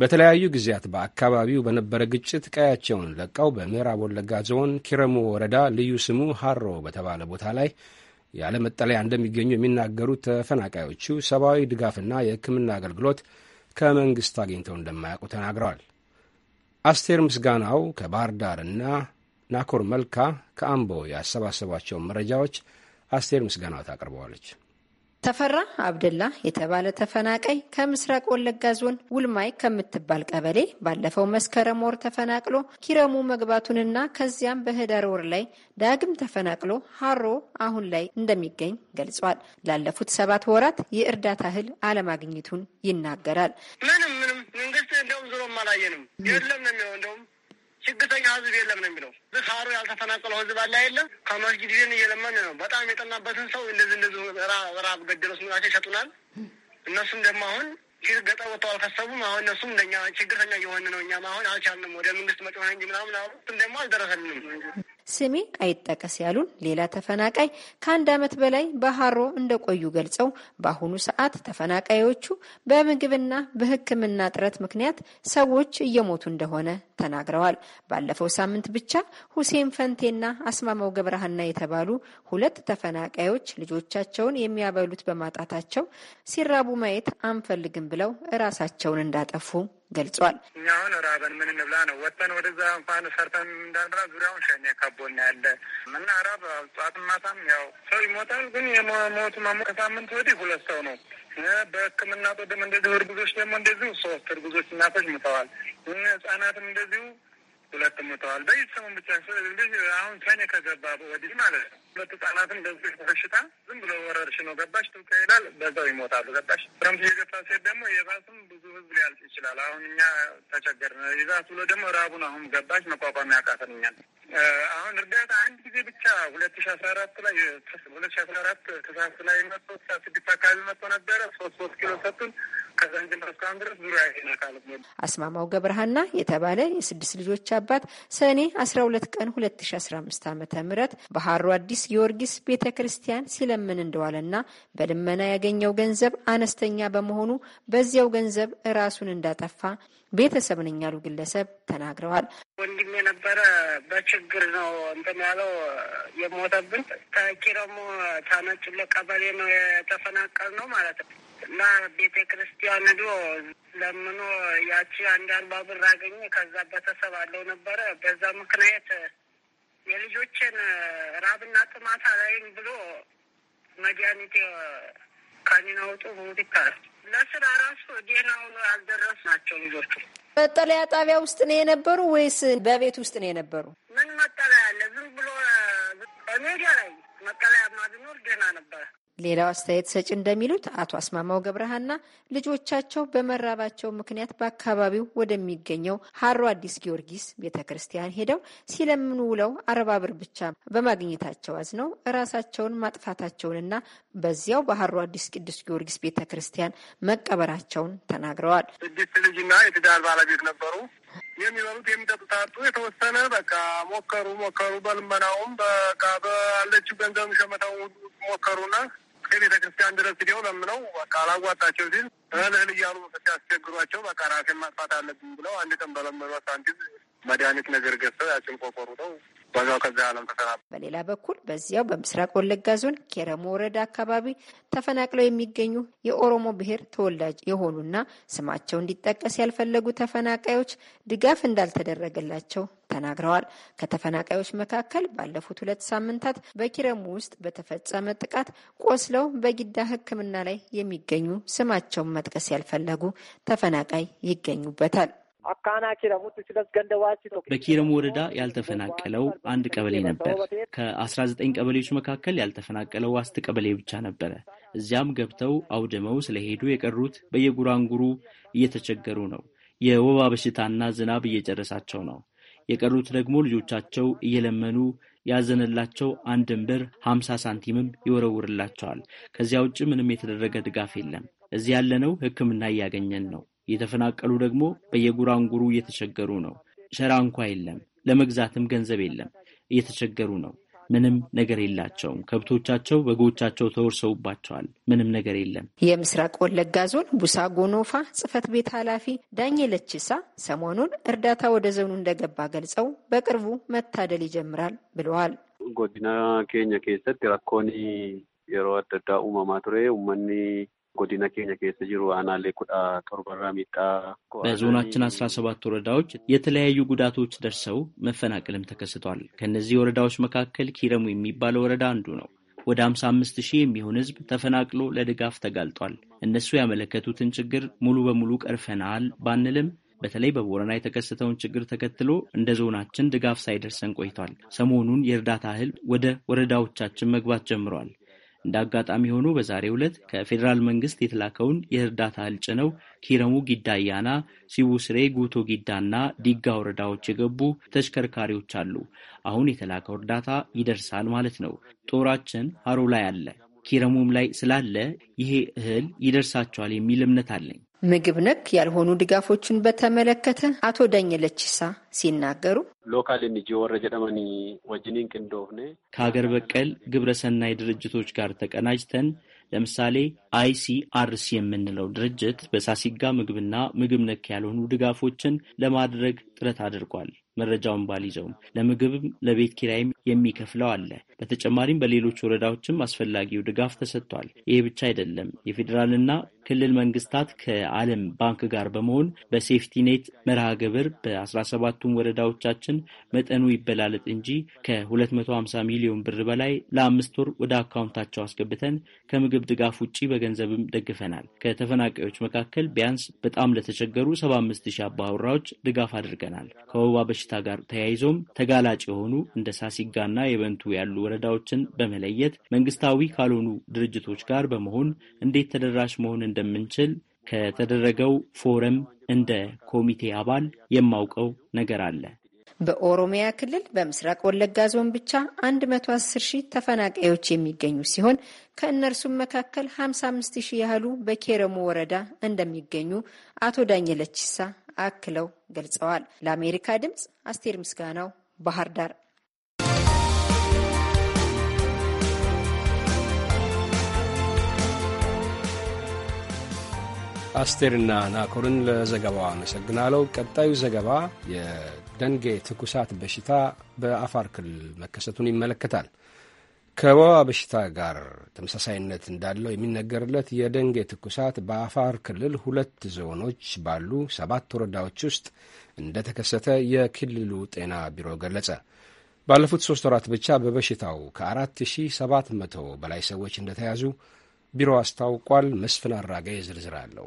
በተለያዩ ጊዜያት በአካባቢው በነበረ ግጭት ቀያቸውን ለቀው በምዕራብ ወለጋ ዞን ኪረሙ ወረዳ ልዩ ስሙ ሃሮ በተባለ ቦታ ላይ ያለ መጠለያ እንደሚገኙ የሚናገሩት ተፈናቃዮቹ ሰብአዊ ድጋፍና የሕክምና አገልግሎት ከመንግሥት አግኝተው እንደማያውቁ ተናግረዋል። አስቴር ምስጋናው ከባህር ዳር እና ናኮር መልካ ከአምቦ ያሰባሰቧቸውን መረጃዎች አስቴር ምስጋናዋ ታቀርበዋለች። ተፈራ አብደላ የተባለ ተፈናቃይ ከምስራቅ ወለጋ ዞን ውልማይ ከምትባል ቀበሌ ባለፈው መስከረም ወር ተፈናቅሎ ኪረሙ መግባቱንና ከዚያም በህዳር ወር ላይ ዳግም ተፈናቅሎ ሀሮ አሁን ላይ እንደሚገኝ ገልጿል። ላለፉት ሰባት ወራት የእርዳታ እህል አለማግኘቱን ይናገራል። ምንም ምንም መንግስት እንደውም ዝሮም አላየንም የለም ነው የሚሆን እንደውም ችግተኛ ህዝብ የለም ነው የሚለው። ሳሩ ያልተፈናቀለው ህዝብ አለ የለም። ከመስጊድ ግን እየለመን ነው። በጣም የጠናበትን ሰው እንደዚህ እንደዚህ ራብ ገደለው ስምላቸው ይሸጡናል። እነሱም ደግሞ አሁን ችግር ገጠር ወጥተው አልከሰቡም። አሁን እነሱም እንደኛ ችግርተኛ እየሆን ነው። እኛም አሁን አልቻልንም። ወደ መንግስት መጮህ እንጂ ምናምን አሁን ደግሞ አልደረሰልንም። ስሜ አይጠቀስ ያሉን ሌላ ተፈናቃይ ከአንድ ዓመት በላይ በሀሮ እንደቆዩ ገልጸው በአሁኑ ሰዓት ተፈናቃዮቹ በምግብና በሕክምና እጥረት ምክንያት ሰዎች እየሞቱ እንደሆነ ተናግረዋል። ባለፈው ሳምንት ብቻ ሁሴን ፈንቴና አስማማው ገብረሃና የተባሉ ሁለት ተፈናቃዮች ልጆቻቸውን የሚያበሉት በማጣታቸው ሲራቡ ማየት አንፈልግም ብለው እራሳቸውን እንዳጠፉ ገልጿል። እኛ አሁን ራበን ምን እንብላ ነው ወጠን ወደዛ እንኳን ሰርተን እንዳንራ ዙሪያውን ሸኔ ከቦና ያለ ምና ራብ ጠዋትም ማታም ያው ሰው ይሞታል። ግን የሞቱ ማሞ ከሳምንት ወዲህ ሁለት ሰው ነው በሕክምና ቅድም እንደዚሁ እርጉዞች ደግሞ እንደዚሁ ሶስት እርጉዞች እናቶች ሙተዋል። ህጻናትም እንደዚሁ ሁለት ሞተዋል። በየተሰሙን ብቻ ልጅ አሁን ሰኔ ከገባ ወዲህ ማለት ነው። ሁለት ህጻናትም በዚህ በሽታ ዝም ብሎ ወረርሽ ነው። ገባሽ ትውቀ ይላል በዛው ይሞታሉ። ገባሽ ክረምት እየገፋ ሴት ደግሞ የባስም ብዙ ህዝብ ሊያልቅ ይችላል። አሁን እኛ ተቸገርን። ይዛ ብሎ ደግሞ ራቡን አሁን ገባሽ መቋቋም ያቃተን አሁን እርዳታ አንድ ጊዜ ብቻ ሁለት ሺ አስራ አራት ላይ ሁለት ሺ አስራ አራት ክሳስ ላይ መጥቶ ስድስት አካባቢ መጥቶ ነበረ ሶስት ሶስት ኪሎ ሰጡን አስማማው ገብረሃና የተባለ የስድስት ልጆች አባት ሰኔ አስራ ሁለት ቀን ሁለት ሺ አስራ አምስት አዲስ ጊዮርጊስ ቤተ ክርስቲያን ሲለምን እንደዋለና በልመና ያገኘው ገንዘብ አነስተኛ በመሆኑ በዚያው ገንዘብ ራሱን እንዳጠፋ ቤተሰብ ነኝ ያሉ ግለሰብ ተናግረዋል። ወንድም የነበረ በችግር ነው እንትን ያለው የሞተብን። ከኪረሙ ታነጭለ ቀበሌ ነው የተፈናቀል ነው ማለት ነው እና ቤተ ክርስቲያን ዶ ለምኖ ያቺ አንድ አርባ ብር አገኘ። ከዛ ቤተሰብ አለው ነበረ። በዛ ምክንያት የልጆችን ራብና ጥማት አላይም ብሎ መድኃኒት ካኒና ውጡ ሙዚካል ለስራ ራሱ ዴናውን አልደረሱ ናቸው ልጆቹ። መጠለያ ጣቢያ ውስጥ ነው የነበሩ ወይስ በቤት ውስጥ ነው የነበሩ? ምን መጠለያ አለ? ዝም ብሎ በሜዲያ ላይ መጠለያ ማድኖር ደህና ነበረ። ሌላው አስተያየት ሰጪ እንደሚሉት አቶ አስማማው ገብረሃና ልጆቻቸው በመራባቸው ምክንያት በአካባቢው ወደሚገኘው ሀሮ አዲስ ጊዮርጊስ ቤተ ክርስቲያን ሄደው ሲለምኑ ውለው አርባ ብር ብቻ በማግኘታቸው አዝነው እራሳቸውን ማጥፋታቸውንና በዚያው በሀሮ አዲስ ቅዱስ ጊዮርጊስ ቤተ ክርስቲያን መቀበራቸውን ተናግረዋል። ስድስት ልጅና የትዳር ባለቤት ነበሩ። የሚበሉት የሚጠጡት አጡ። የተወሰነ በቃ ሞከሩ ሞከሩ በልመናውም በቃ በአለችው ገንዘብ ሸመተው ሞከሩና እስከ ቤተ ክርስቲያን ድረስ ሄደው ለምነው በቃ አላዋጣቸው ሲል እህል እህል እያሉ ሲያስቸግሯቸው በቃ ራሴን ማጥፋት አለብኝ ብለው አንድ ቀን በለመዷት ሳንቲም መድኃኒት ነገር ገዝተው ያችን ነው በዛው ዓለም በሌላ በኩል በዚያው በምስራቅ ወለጋ ዞን ኬረሞ ወረዳ አካባቢ ተፈናቅለው የሚገኙ የኦሮሞ ብሔር ተወላጅ የሆኑና ስማቸው እንዲጠቀስ ያልፈለጉ ተፈናቃዮች ድጋፍ እንዳልተደረገላቸው ተናግረዋል። ከተፈናቃዮች መካከል ባለፉት ሁለት ሳምንታት በኪረሙ ውስጥ በተፈጸመ ጥቃት ቆስለው በጊዳ ሕክምና ላይ የሚገኙ ስማቸውን መጥቀስ ያልፈለጉ ተፈናቃይ ይገኙበታል። በኪረም ወረዳ ያልተፈናቀለው አንድ ቀበሌ ነበር። ከ19 ቀበሌዎች መካከል ያልተፈናቀለው ዋስት ቀበሌ ብቻ ነበረ። እዚያም ገብተው አውድመው ስለሄዱ የቀሩት በየጉራንጉሩ እየተቸገሩ ነው። የወባ በሽታና ዝናብ እየጨረሳቸው ነው። የቀሩት ደግሞ ልጆቻቸው እየለመኑ ያዘነላቸው አንድን ብር ሀምሳ ሳንቲምም ይወረውርላቸዋል። ከዚያ ውጭ ምንም የተደረገ ድጋፍ የለም። እዚህ ያለነው ሕክምና እያገኘን ነው። የተፈናቀሉ ደግሞ በየጉራንጉሩ እየተቸገሩ ነው። ሸራ እንኳ የለም። ለመግዛትም ገንዘብ የለም። እየተቸገሩ ነው። ምንም ነገር የላቸውም። ከብቶቻቸው፣ በጎቻቸው ተወርሰውባቸዋል። ምንም ነገር የለም። የምስራቅ ወለጋ ዞን ቡሳ ጎኖፋ ጽህፈት ቤት ኃላፊ ዳኜ ለችሳ ሰሞኑን እርዳታ ወደ ዞኑ እንደገባ ገልጸው በቅርቡ መታደል ይጀምራል ብለዋል። ጎዲና ኬኛ ኬሰት ራኮኒ የሮ አደዳ ኡማማ ቱሬ ኡመኒ ጎዲና ኬኛ keessa jiru አናሌ ኩዳ ጦርበራ ሚጣ በዞናችን አስራ ሰባት ወረዳዎች የተለያዩ ጉዳቶች ደርሰው መፈናቀልም ተከስቷል። ከእነዚህ ወረዳዎች መካከል ኪረሙ የሚባለ ወረዳ አንዱ ነው። ወደ ሃምሳ አምስት ሺህ የሚሆን ህዝብ ተፈናቅሎ ለድጋፍ ተጋልጧል። እነሱ ያመለከቱትን ችግር ሙሉ በሙሉ ቀርፈናል ባንልም በተለይ በቦረና የተከሰተውን ችግር ተከትሎ እንደ ዞናችን ድጋፍ ሳይደርሰን ቆይቷል። ሰሞኑን የእርዳታ እህል ወደ ወረዳዎቻችን መግባት ጀምሯል። እንደ አጋጣሚ ሆኖ በዛሬው ዕለት ከፌዴራል መንግስት የተላከውን የእርዳታ እህል ጭነው ኪረሙ ጊዳያና፣ ሲቡስሬ፣ ጉቶ ጊዳና ዲጋ ወረዳዎች የገቡ ተሽከርካሪዎች አሉ። አሁን የተላከው እርዳታ ይደርሳል ማለት ነው። ጦራችን ሀሮ ላይ አለ፣ ኪረሙም ላይ ስላለ ይሄ እህል ይደርሳቸዋል የሚል እምነት አለኝ። ምግብ ነክ ያልሆኑ ድጋፎችን በተመለከተ አቶ ዳኘለችሳ ሲናገሩ ሎካል ወረ ጀደመኒ ወጅኒን ቅንዶብነ ከሀገር በቀል ግብረሰናይ ድርጅቶች ጋር ተቀናጅተን ለምሳሌ አይሲአርሲ የምንለው ድርጅት በሳሲጋ ምግብና ምግብ ነክ ያልሆኑ ድጋፎችን ለማድረግ ጥረት አድርጓል። መረጃውን ባልይዘውም ለምግብም ለቤት ኪራይም የሚከፍለው አለ። በተጨማሪም በሌሎች ወረዳዎችም አስፈላጊው ድጋፍ ተሰጥቷል። ይሄ ብቻ አይደለም። የፌዴራልና ክልል መንግስታት ከዓለም ባንክ ጋር በመሆን በሴፍቲኔት መርሃ ግብር በ17ቱም ወረዳዎቻችን መጠኑ ይበላለጥ እንጂ ከ250 ሚሊዮን ብር በላይ ለአምስት ወር ወደ አካውንታቸው አስገብተን ከምግብ ድጋፍ ውጭ በገንዘብም ደግፈናል። ከተፈናቃዮች መካከል ቢያንስ በጣም ለተቸገሩ 75000 ሺህ አባወራዎች ድጋፍ አድርገናል። ከወባ በሽታ ጋር ተያይዞም ተጋላጭ የሆኑ እንደ ሳሲጋና የበንቱ ያሉ ወረዳዎችን በመለየት መንግስታዊ ካልሆኑ ድርጅቶች ጋር በመሆን እንዴት ተደራሽ መሆን እንደምንችል ከተደረገው ፎረም እንደ ኮሚቴ አባል የማውቀው ነገር አለ። በኦሮሚያ ክልል በምስራቅ ወለጋ ዞን ብቻ 110 ሺህ ተፈናቃዮች የሚገኙ ሲሆን ከእነርሱም መካከል 55 ሺህ ያህሉ በኬረሙ ወረዳ እንደሚገኙ አቶ ዳኘ ለቺሳ አክለው ገልጸዋል። ለአሜሪካ ድምፅ አስቴር ምስጋናው ባህር ዳር አስቴርና ናኮርን ለዘገባው አመሰግናለሁ። ቀጣዩ ዘገባ የደንጌ ትኩሳት በሽታ በአፋር ክልል መከሰቱን ይመለከታል። ከወባ በሽታ ጋር ተመሳሳይነት እንዳለው የሚነገርለት የደንጌ ትኩሳት በአፋር ክልል ሁለት ዞኖች ባሉ ሰባት ወረዳዎች ውስጥ እንደተከሰተ የክልሉ ጤና ቢሮ ገለጸ። ባለፉት ሦስት ወራት ብቻ በበሽታው ከ4700 በላይ ሰዎች እንደተያዙ ቢሮ አስታውቋል። መስፍን አራጋ ዝርዝር አለው።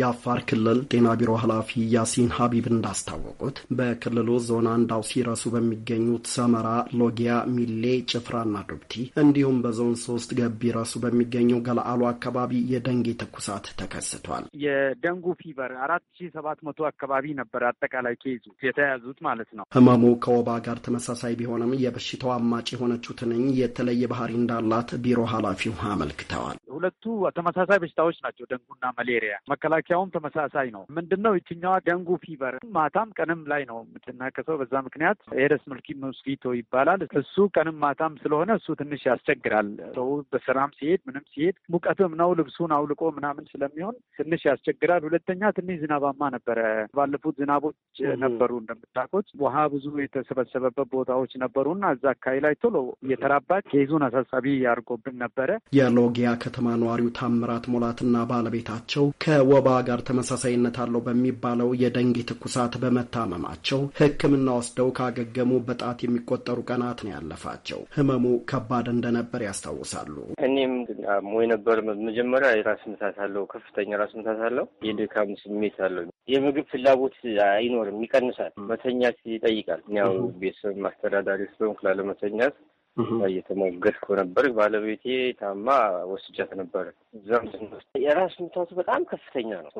የአፋር ክልል ጤና ቢሮ ኃላፊ ያሲን ሀቢብ እንዳስታወቁት በክልሉ ዞን አንዳው ሲረሱ በሚገኙት ሰመራ፣ ሎጊያ፣ ሚሌ፣ ጭፍራና ዱብቲ እንዲሁም በዞን ሶስት ረሱ በሚገኘው ገላአሉ አካባቢ የደንጌ ትኩሳት ተከስቷል። የደንጉ ፊቨር አራት ሺ ሰባት መቶ አካባቢ ነበር አጠቃላይ ኬዙ የተያዙት ማለት ነው። ህመሙ ከወባ ጋር ተመሳሳይ ቢሆንም የበሽታው አማጭ የሆነችው ትንኝ የተለየ ባህሪ እንዳላት ቢሮ ኃላፊው አመልክተዋል። ሁለቱ ተመሳሳይ በሽታዎች ናቸው፣ ደንጉና መሌሪያ መከላ መከላከያውም ተመሳሳይ ነው። ምንድነው ይችኛዋ ደንጉ ፊቨር ማታም ቀንም ላይ ነው የምትናከሰው። በዛ ምክንያት ኤደስ ምልኪ ሞስኪቶ ይባላል። እሱ ቀንም ማታም ስለሆነ እሱ ትንሽ ያስቸግራል። ሰው በስራም ሲሄድ ምንም ሲሄድ ሙቀትም ነው ልብሱን አውልቆ ምናምን ስለሚሆን ትንሽ ያስቸግራል። ሁለተኛ ትንሽ ዝናባማ ነበረ። ባለፉት ዝናቦች ነበሩ እንደምታውቁት ውሃ ብዙ የተሰበሰበበት ቦታዎች ነበሩና እዛ አካባቢ ላይ ቶሎ እየተራባች ኬዙን አሳሳቢ ያድርጎብን ነበረ። የሎጊያ ከተማ ነዋሪው ታምራት ሞላትና ባለቤታቸው ከወባ ከድሬዳዋ ጋር ተመሳሳይነት አለው በሚባለው የደንግ ትኩሳት በመታመማቸው ሕክምና ወስደው ካገገሙ በጣት የሚቆጠሩ ቀናት ነው ያለፋቸው። ህመሙ ከባድ እንደነበር ያስታውሳሉ። እኔም ሞ የነበር መጀመሪያ የራስ ምታት አለው፣ ከፍተኛ ራስ ምታት አለው፣ የድካም ስሜት አለው። የምግብ ፍላጎት አይኖርም፣ ይቀንሳል። መተኛት ይጠይቃል። ያው ቤተሰብ ማስተዳዳሪ ስለሆንኩ ላለመተኛት እየተሞገድኩ ነበር። ባለቤቴ ታማ ወስጃት ነበር። የራስ ምታቱ በጣም ከፍተኛ ነው።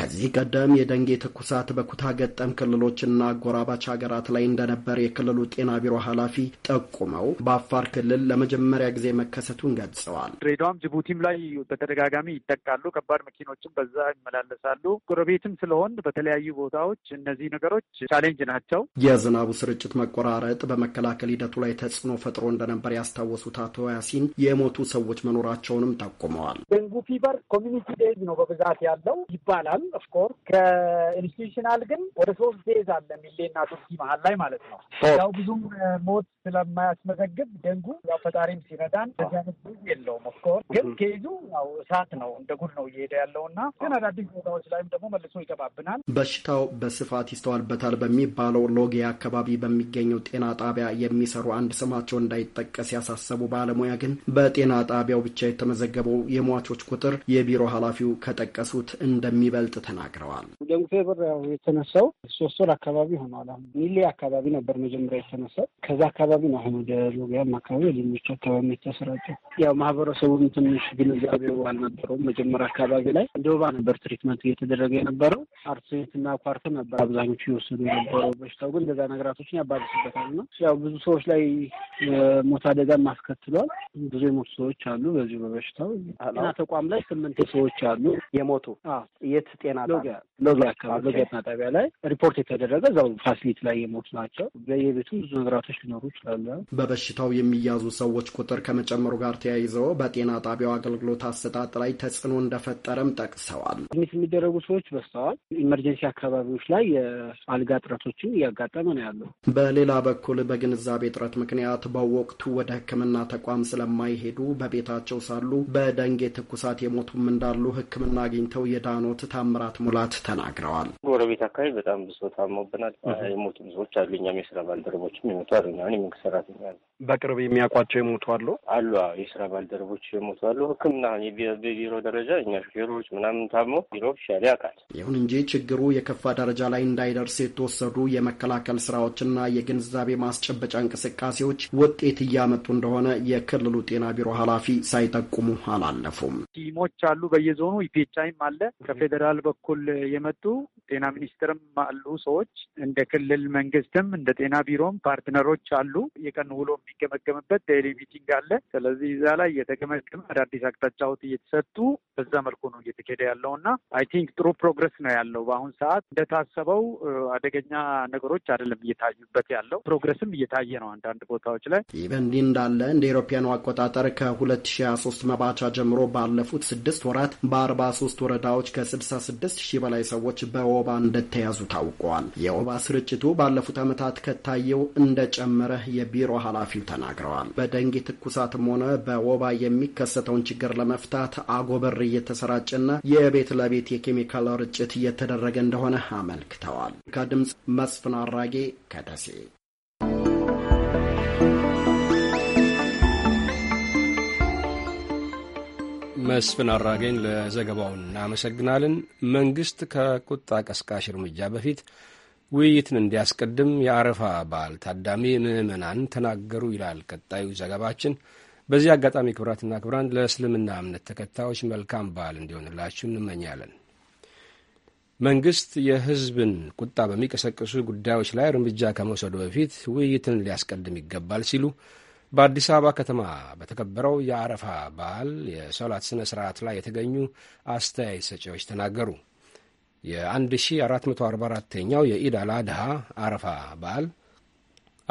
ከዚህ ቀደም የደንጌ ትኩሳት በኩታ ገጠም ክልሎችና አጎራባች ሀገራት ላይ እንደነበር የክልሉ ጤና ቢሮ ኃላፊ ጠቁመው በአፋር ክልል ለመጀመሪያ ጊዜ መከሰቱን ገልጸዋል። ድሬዳዋም ጅቡቲም ላይ በተደጋጋሚ ይጠቃሉ። ከባድ መኪኖችም በዛ ይመላለሳሉ። ጎረቤትም ስለሆን በተለያዩ ቦታዎች እነዚህ ነገሮች ቻሌንጅ ናቸው። የዝናቡ ስርጭት መቆራረጥ በመከላከል ሂደቱ ላይ ተጽዕኖ ፈጥሮ እንደነበር ያስታወሱት አቶ ያሲን የሞቱ ሰዎች መኖራቸውንም ጠቁመዋል። ደንጉ ፊቨር ኮሚኒቲ ዴዝ ነው በብዛት ያለው ይባላል። ኦፍኮርስ ከኢንስቲቱሽናል ግን ወደ ሶስት ዴዝ አለ ሚሌና ቱርኪ መሀል ላይ ማለት ነው። ያው ብዙም ሞት ስለማያስመዘግብ ደንጉ ያው ፈጣሪም ሲረዳን በዚህ አይነት የለውም። ኦፍኮርስ ግን ከይዙ ያው እሳት ነው እንደ ጉድ ነው እየሄደ እና ግን አዳዲስ ቦታዎች ላይም ደግሞ መልሶ ይገባብናል። በሽታው በስፋት ይስተዋልበታል በሚባለው ሎጌ አካባቢ በሚገኘው ጤና ጣቢያ የሚሰሩ አንድ ስማቸው እንዳይ እንዳይጠቀስ ያሳሰቡ ባለሙያ ግን በጤና ጣቢያው ብቻ የተመዘገበው የሟቾች ቁጥር የቢሮ ኃላፊው ከጠቀሱት እንደሚበልጥ ተናግረዋል። ደም ፌቨር ያው የተነሳው ሶስት ወር አካባቢ ሆኗል። አሁን ሚሌ አካባቢ ነበር መጀመሪያ የተነሳው። ከዛ አካባቢ ነው አሁን ወደ ሎቢያም አካባቢ ሌሎች አካባቢ የተሰራጨው። ያው ማህበረሰቡም ትንሽ ግንዛቤው አልነበረውም። መጀመሪያ አካባቢ ላይ እንደውባ ነበር ትሪትመንት እየተደረገ የነበረው አርሴት እና ኳርተ ነበር አብዛኞቹ የወሰዱ የነበረው። በሽታው ግን እንደዛ ነገራቶችን ያባብስበታል ነው ያው ብዙ ሰዎች ላይ ሞት አደጋም አስከትሏል። ብዙ የሞቱ ሰዎች አሉ። በዚሁ በበሽታው ጤና ተቋም ላይ ስምንት ሰዎች አሉ የሞቱ የት ጤና ሎጊ አካባቢ ሎጊ ጤና ጣቢያ ላይ ሪፖርት የተደረገ እዛው ፋሲሊቲ ላይ የሞቱ ናቸው። በየቤቱ ብዙ ነገራቶች ሊኖሩ ይችላሉ። በበሽታው የሚያዙ ሰዎች ቁጥር ከመጨመሩ ጋር ተያይዘው በጤና ጣቢያው አገልግሎት አሰጣጥ ላይ ተጽዕኖ እንደፈጠረም ጠቅሰዋል። ሚት የሚደረጉ ሰዎች በስተዋል ኢመርጀንሲ አካባቢዎች ላይ የአልጋ እጥረቶችን እያጋጠመ ነው ያለው። በሌላ በኩል በግንዛቤ እጥረት ምክንያት በወ ወቅቱ ወደ ሕክምና ተቋም ስለማይሄዱ በቤታቸው ሳሉ በደንጌ ትኩሳት የሞቱም እንዳሉ ሕክምና አግኝተው የዳኖት ታምራት ሙላት ተናግረዋል። ጎረቤት አካባቢ በጣም ብዙ ሰው ታመውብናል። የሞቱም ሰዎች አሉ። እኛም የስራ ባልደረቦችም የሞቱ አሉ። እኛን የመንግስት ሰራተኛ በቅርብ የሚያውቋቸው የሞቱ አሉ አሉ። የስራ ባልደረቦች የሞቱ አሉ። ሕክምና በቢሮ ደረጃ እኛ ሹፌሮች ምናምን ታመው ቢሮ ሻሊ አካል ይሁን እንጂ ችግሩ የከፋ ደረጃ ላይ እንዳይደርስ የተወሰዱ የመከላከል ስራዎችና የግንዛቤ ማስጨበጫ እንቅስቃሴዎች ውጤት ውጤት እያመጡ እንደሆነ የክልሉ ጤና ቢሮ ኃላፊ ሳይጠቁሙ አላለፉም። ቲሞች አሉ በየዞኑ ኢፔቻይም አለ። ከፌዴራል በኩል የመጡ ጤና ሚኒስትርም አሉ ሰዎች እንደ ክልል መንግስትም እንደ ጤና ቢሮም ፓርትነሮች አሉ። የቀን ውሎ የሚገመገምበት ዴይሊ ሚቲንግ አለ። ስለዚህ እዛ ላይ የተገመገመ አዳዲስ አቅጣጫዎች እየተሰጡ በዛ መልኩ ነው እየተካሄደ ያለው እና አይ ቲንክ ጥሩ ፕሮግረስ ነው ያለው። በአሁን ሰዓት እንደታሰበው አደገኛ ነገሮች አይደለም እየታዩበት ያለው ፕሮግረስም እየታየ ነው አንዳንድ ቦታዎች ላይ ይህ በእንዲህ እንዳለ እንደ ኤሮፓያኑ አቆጣጠር ከ2023 መባቻ ጀምሮ ባለፉት ስድስት ወራት በ43 ወረዳዎች ከ66 ሺህ በላይ ሰዎች በወባ እንደተያዙ ታውቋል። የወባ ስርጭቱ ባለፉት ዓመታት ከታየው እንደጨመረ የቢሮ ኃላፊው ተናግረዋል። በደንጌ ትኩሳትም ሆነ በወባ የሚከሰተውን ችግር ለመፍታት አጎበር እየተሰራጨና የቤት ለቤት የኬሚካል ርጭት እየተደረገ እንደሆነ አመልክተዋል። ከድምፅ መስፍን አራጌ ከደሴ መስፍን አራጌን ለዘገባው እናመሰግናለን። መንግሥት ከቁጣ ቀስቃሽ እርምጃ በፊት ውይይትን እንዲያስቀድም የአረፋ በዓል ታዳሚ ምዕመናን ተናገሩ ይላል ቀጣዩ ዘገባችን። በዚህ አጋጣሚ ክብራትና ክብራን ለእስልምና እምነት ተከታዮች መልካም በዓል እንዲሆንላችሁ እንመኛለን። መንግሥት የህዝብን ቁጣ በሚቀሰቅሱ ጉዳዮች ላይ እርምጃ ከመውሰዱ በፊት ውይይትን ሊያስቀድም ይገባል ሲሉ በአዲስ አበባ ከተማ በተከበረው የአረፋ በዓል የሶላት ሥነ ሥርዓት ላይ የተገኙ አስተያየት ሰጪዎች ተናገሩ። የ1444ኛው የኢድ አል አድሃ አረፋ በዓል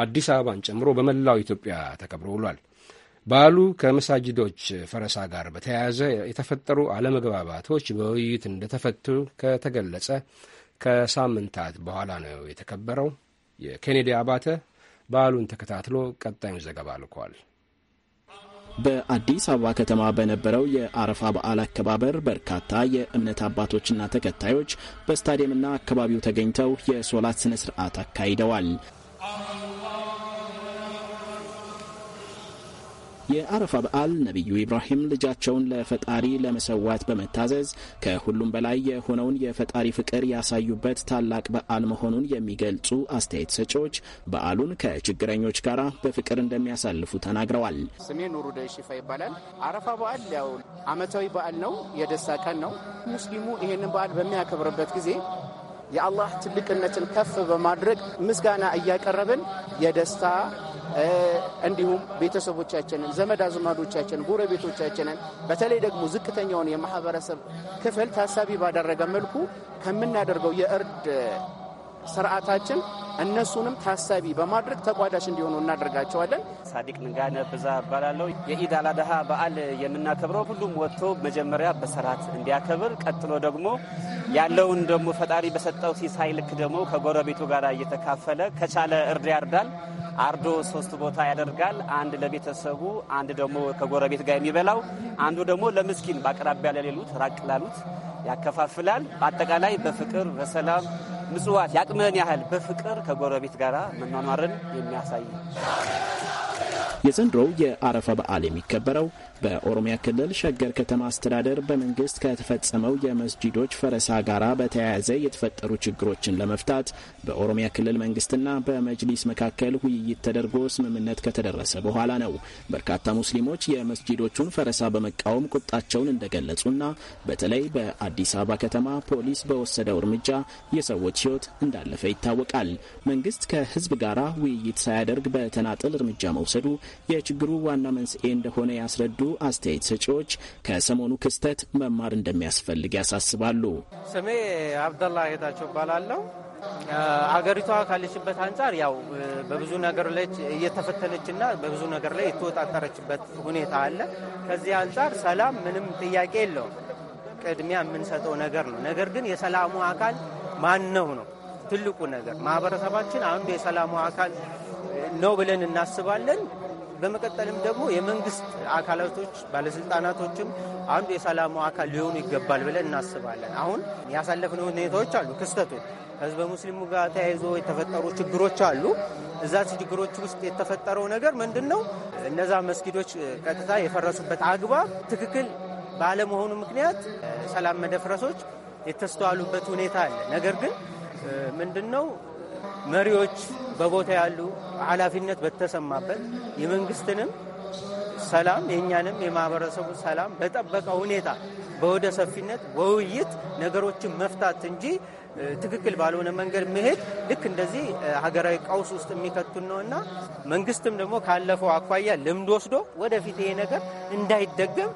አዲስ አበባን ጨምሮ በመላው ኢትዮጵያ ተከብሮ ውሏል። በዓሉ ከመሳጅዶች ፈረሳ ጋር በተያያዘ የተፈጠሩ አለመግባባቶች በውይይት እንደተፈቱ ከተገለጸ ከሳምንታት በኋላ ነው የተከበረው። የኬኔዲ አባተ በዓሉን ተከታትሎ ቀጣዩን ዘገባ ልኳል። በአዲስ አበባ ከተማ በነበረው የአረፋ በዓል አከባበር በርካታ የእምነት አባቶችና ተከታዮች በስታዲየምና አካባቢው ተገኝተው የሶላት ስነ ስርዓት አካሂደዋል። የአረፋ በዓል ነቢዩ ኢብራሂም ልጃቸውን ለፈጣሪ ለመሰዋት በመታዘዝ ከሁሉም በላይ የሆነውን የፈጣሪ ፍቅር ያሳዩበት ታላቅ በዓል መሆኑን የሚገልጹ አስተያየት ሰጪዎች በዓሉን ከችግረኞች ጋር በፍቅር እንደሚያሳልፉ ተናግረዋል። ስሜ ኑሩ ደሽፋ ይባላል። አረፋ በዓል ያው ዓመታዊ በዓል ነው፣ የደስታ ቀን ነው። ሙስሊሙ ይህንን በዓል በሚያከብርበት ጊዜ የአላህ ትልቅነትን ከፍ በማድረግ ምስጋና እያቀረብን የደስታ እንዲሁም ቤተሰቦቻችንን፣ ዘመድ አዝማዶቻችን ጎረቤቶቻችንን በተለይ ደግሞ ዝቅተኛውን የማህበረሰብ ክፍል ታሳቢ ባደረገ መልኩ ከምናደርገው የእርድ ስርዓታችን እነሱንም ታሳቢ በማድረግ ተቋዳሽ እንዲሆኑ እናደርጋቸዋለን። ሳዲቅ ንጋነ ብዛ እባላለሁ። የኢድ አላድሃ በዓል የምናከብረው ሁሉም ወጥቶ መጀመሪያ በሰራት እንዲያከብር፣ ቀጥሎ ደግሞ ያለውን ደግሞ ፈጣሪ በሰጠው ሲሳይ ልክ ደግሞ ከጎረቤቱ ጋር እየተካፈለ ከቻለ እርድ ያርዳል አርዶ ሶስት ቦታ ያደርጋል። አንድ ለቤተሰቡ፣ አንድ ደግሞ ከጎረቤት ጋር የሚበላው፣ አንዱ ደግሞ ለምስኪን በአቅራቢያ ለሌሉት ራቅ ላሉት ያከፋፍላል። በአጠቃላይ በፍቅር በሰላም ምጽዋት ያቅመን ያህል በፍቅር ከጎረቤት ጋር መኗኗርን የሚያሳይ የዘንድሮው የአረፋ በዓል የሚከበረው በኦሮሚያ ክልል ሸገር ከተማ አስተዳደር በመንግስት ከተፈጸመው የመስጂዶች ፈረሳ ጋር በተያያዘ የተፈጠሩ ችግሮችን ለመፍታት በኦሮሚያ ክልል መንግስትና በመጅሊስ መካከል ውይይት ተደርጎ ስምምነት ከተደረሰ በኋላ ነው። በርካታ ሙስሊሞች የመስጂዶቹን ፈረሳ በመቃወም ቁጣቸውን እንደገለጹና በተለይ በአዲስ አበባ ከተማ ፖሊስ በወሰደው እርምጃ የሰዎች ሕይወት እንዳለፈ ይታወቃል። መንግስት ከህዝብ ጋራ ውይይት ሳያደርግ በተናጠል እርምጃ መውሰዱ የችግሩ ዋና መንስኤ እንደሆነ ያስረዱ አስተያየት ሰጪዎች ከሰሞኑ ክስተት መማር እንደሚያስፈልግ ያሳስባሉ። ስሜ አብደላ ጌታቸው እባላለሁ። አገሪቷ ካለችበት አንጻር ያው በብዙ ነገር ላይ እየተፈተነችና በብዙ ነገር ላይ የተወጣጠረችበት ሁኔታ አለ። ከዚህ አንጻር ሰላም ምንም ጥያቄ የለውም፣ ቅድሚያ የምንሰጠው ነገር ነው። ነገር ግን የሰላሙ አካል ማን ነው ነው ትልቁ ነገር። ማህበረሰባችን አንዱ የሰላሙ አካል ነው ብለን እናስባለን። በመቀጠልም ደግሞ የመንግስት አካላቶች ባለስልጣናቶችም አንዱ የሰላሙ አካል ሊሆኑ ይገባል ብለን እናስባለን። አሁን ያሳለፍነው ሁኔታዎች አሉ። ክስተቶች ከህዝበ ሙስሊሙ ጋር ተያይዞ የተፈጠሩ ችግሮች አሉ። እዛ ችግሮች ውስጥ የተፈጠረው ነገር ምንድን ነው? እነዛ መስጊዶች ቀጥታ የፈረሱበት አግባብ ትክክል ባለመሆኑ ምክንያት ሰላም መደፍረሶች የተስተዋሉበት ሁኔታ አለ። ነገር ግን ምንድን ነው መሪዎች በቦታ ያሉ ኃላፊነት በተሰማበት የመንግስትንም ሰላም የእኛንም የማህበረሰቡ ሰላም በጠበቀ ሁኔታ በወደ ሰፊነት በውይይት ነገሮችን መፍታት እንጂ ትክክል ባልሆነ መንገድ መሄድ ልክ እንደዚህ ሀገራዊ ቀውስ ውስጥ የሚከቱን ነው እና መንግስትም ደግሞ ካለፈው አኳያ ልምድ ወስዶ ወደፊት ይሄ ነገር እንዳይደገም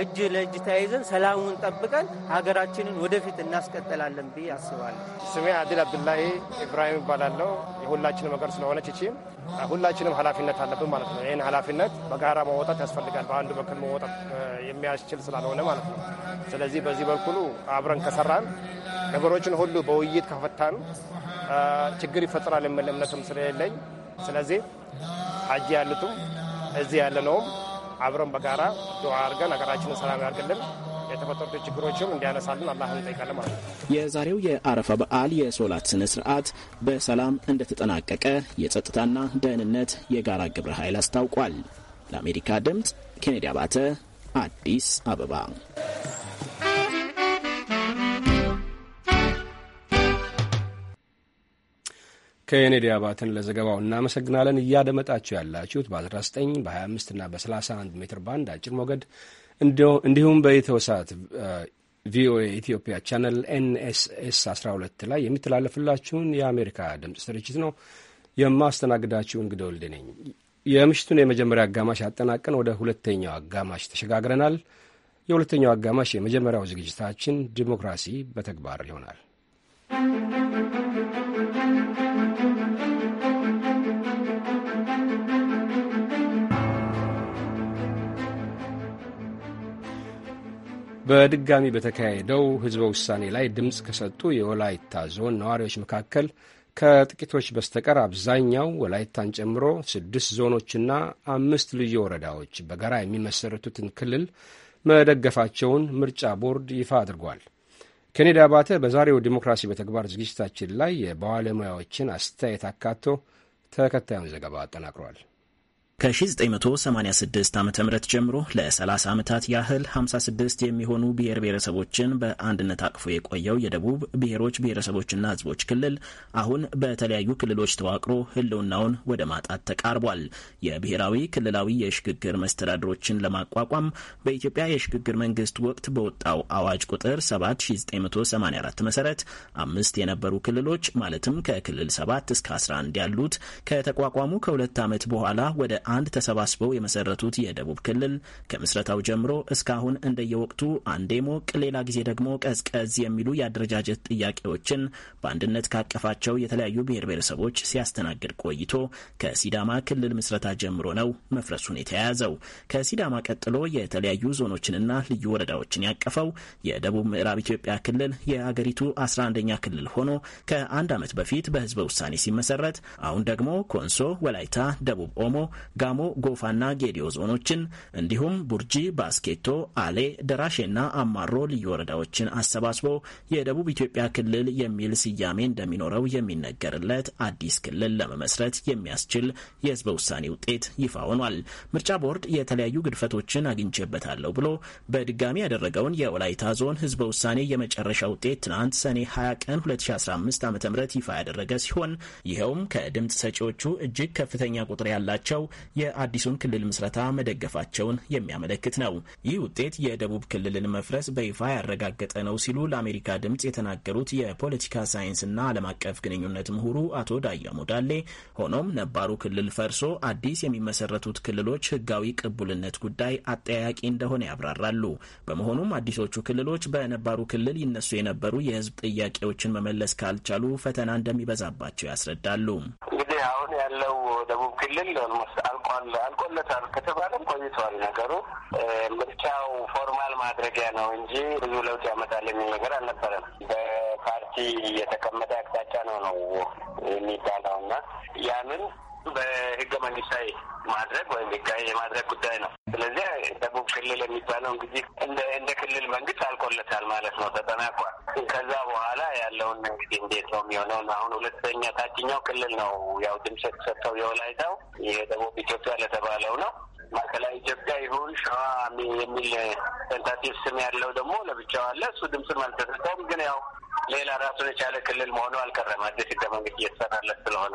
እጅ ለእጅ ተያይዘን ሰላሙን ጠብቀን ሀገራችንን ወደፊት እናስቀጥላለን ብዬ አስባለሁ። ስሜ አዲል አብዱላሂ ኢብራሂም ይባላለው። የሁላችንም ሀገር ስለሆነች ይቺም ሁላችንም ኃላፊነት አለብን ማለት ነው። ይህን ኃላፊነት በጋራ መወጣት ያስፈልጋል። በአንዱ በኩል መወጣት የሚያስችል ስላልሆነ ማለት ነው። ስለዚህ በዚህ በኩሉ አብረን ከሰራን ነገሮችን ሁሉ በውይይት ከፈታን ችግር ይፈጠራል የምል እምነትም ስለሌለኝ ስለዚህ ሀጂ ያሉትም እዚህ ያለነውም አብረን በጋራ ዱዓ አድርገን ሀገራችንን ሰላም ያርግልን የተፈጠሩት ችግሮችም እንዲያነሳልን አላህ እንጠይቃለን ማለት ነው። የዛሬው የአረፋ በዓል የሶላት ስነ ስርዓት በሰላም እንደተጠናቀቀ የጸጥታና ደህንነት የጋራ ግብረ ኃይል አስታውቋል። ለአሜሪካ ድምፅ ኬኔዲ አባተ አዲስ አበባ ከኔዲ አባትን ለዘገባው እናመሰግናለን። እያደመጣችሁ ያላችሁት በ19 በ25 እና በ31 ሜትር ባንድ አጭር ሞገድ እንዲሁም በኢትዮሳት ቪኦኤ ኢትዮጵያ ቻነል ኤንኤስኤስ 12 ላይ የሚተላለፍላችሁን የአሜሪካ ድምፅ ስርጭት ነው። የማስተናግዳችሁ እንግዳ ወልድ ነኝ። የምሽቱን የመጀመሪያ አጋማሽ አጠናቀን ወደ ሁለተኛው አጋማሽ ተሸጋግረናል። የሁለተኛው አጋማሽ የመጀመሪያው ዝግጅታችን ዲሞክራሲ በተግባር ይሆናል። በድጋሚ በተካሄደው ህዝበ ውሳኔ ላይ ድምፅ ከሰጡ የወላይታ ዞን ነዋሪዎች መካከል ከጥቂቶች በስተቀር አብዛኛው ወላይታን ጨምሮ ስድስት ዞኖችና አምስት ልዩ ወረዳዎች በጋራ የሚመሰረቱትን ክልል መደገፋቸውን ምርጫ ቦርድ ይፋ አድርጓል። ኬኔዲ አባተ በዛሬው ዲሞክራሲ በተግባር ዝግጅታችን ላይ የባለሙያዎችን አስተያየት አካቶ ተከታዩን ዘገባ አጠናቅሯል። ከ1986 ዓ ም ጀምሮ ለ30 ዓመታት ያህል 56 የሚሆኑ ብሔር ብሔረሰቦችን በአንድነት አቅፎ የቆየው የደቡብ ብሔሮች ብሔረሰቦችና ህዝቦች ክልል አሁን በተለያዩ ክልሎች ተዋቅሮ ህልውናውን ወደ ማጣት ተቃርቧል። የብሔራዊ ክልላዊ የሽግግር መስተዳድሮችን ለማቋቋም በኢትዮጵያ የሽግግር መንግስት ወቅት በወጣው አዋጅ ቁጥር 7984 መሰረት አምስት የነበሩ ክልሎች ማለትም ከክልል 7 እስከ 11 ያሉት ከተቋቋሙ ከሁለት ዓመት በኋላ ወደ አንድ ተሰባስበው የመሰረቱት የደቡብ ክልል ከምስረታው ጀምሮ እስካሁን እንደየወቅቱ አንዴ ሞቅ ሌላ ጊዜ ደግሞ ቀዝቀዝ የሚሉ የአደረጃጀት ጥያቄዎችን በአንድነት ካቀፋቸው የተለያዩ ብሔር ብሔረሰቦች ሲያስተናግድ ቆይቶ ከሲዳማ ክልል ምስረታ ጀምሮ ነው መፍረሱን የተያያዘው። ከሲዳማ ቀጥሎ የተለያዩ ዞኖችንና ልዩ ወረዳዎችን ያቀፈው የደቡብ ምዕራብ ኢትዮጵያ ክልል የአገሪቱ 11ኛ ክልል ሆኖ ከአንድ ዓመት በፊት በህዝበ ውሳኔ ሲመሰረት አሁን ደግሞ ኮንሶ፣ ወላይታ፣ ደቡብ ኦሞ፣ ጋሞ፣ ጎፋና ጌዲዮ ዞኖችን እንዲሁም ቡርጂ፣ ባስኬቶ፣ አሌ፣ ደራሼና አማሮ ልዩ ወረዳዎችን አሰባስቦ የደቡብ ኢትዮጵያ ክልል የሚል ስያሜ እንደሚኖረው የሚነገርለት አዲስ ክልል ለመመስረት የሚያስችል የህዝበ ውሳኔ ውጤት ይፋ ሆኗል። ምርጫ ቦርድ የተለያዩ ግድፈቶችን አግኝቼበታለሁ ብሎ በድጋሚ ያደረገውን የወላይታ ዞን ህዝበ ውሳኔ የመጨረሻ ውጤት ትናንት ሰኔ 20 ቀን 2015 ዓ ም ይፋ ያደረገ ሲሆን ይኸውም ከድምፅ ሰጪዎቹ እጅግ ከፍተኛ ቁጥር ያላቸው የአዲሱን ክልል ምስረታ መደገፋቸውን የሚያመለክት ነው። ይህ ውጤት የደቡብ ክልልን መፍረስ በይፋ ያረጋገጠ ነው ሲሉ ለአሜሪካ ድምጽ የተናገሩት የፖለቲካ ሳይንስና ዓለም አቀፍ ግንኙነት ምሁሩ አቶ ዳያ ሞዳሌ፣ ሆኖም ነባሩ ክልል ፈርሶ አዲስ የሚመሰረቱት ክልሎች ህጋዊ ቅቡልነት ጉዳይ አጠያያቂ እንደሆነ ያብራራሉ። በመሆኑም አዲሶቹ ክልሎች በነባሩ ክልል ይነሱ የነበሩ የህዝብ ጥያቄዎችን መመለስ ካልቻሉ ፈተና እንደሚበዛባቸው ያስረዳሉ። እንግዲህ አሁን ያለው ደቡብ ክልል አልቋል አልቆለታል ከተባለም ቆይተዋል። ነገሩ ምርጫው ፎርማል ማድረጊያ ነው እንጂ ብዙ ለውጥ ያመጣል የሚል ነገር አልነበረም። በፓርቲ የተቀመጠ አቅጣጫ ነው ነው የሚባለው እና ያንን በህገ መንግስታዊ ማድረግ ወይም ህጋዊ የማድረግ ጉዳይ ነው። ስለዚህ ደቡብ ክልል የሚባለው እንግዲህ እንደ ክልል መንግስት አልቆለታል ማለት ነው፣ ተጠናቋል። ከዛ በኋላ ያለውን እንግዲህ እንዴት ነው የሚሆነው? አሁን ሁለተኛ ታችኛው ክልል ነው ያው ድምፅ የተሰጠው የወላይታው የደቡብ ኢትዮጵያ ለተባለው ነው። ማዕከላዊ ኢትዮጵያ ይሁን ሸዋ የሚል ተንታቲቭ ስም ያለው ደግሞ ለብቻው አለ። እሱ ድምፅም አልተሰጠውም፣ ግን ያው ሌላ ራሱን የቻለ ክልል መሆኑ አልቀረም። አዲስ ህገ መንግስት እየተሰራለት ስለሆነ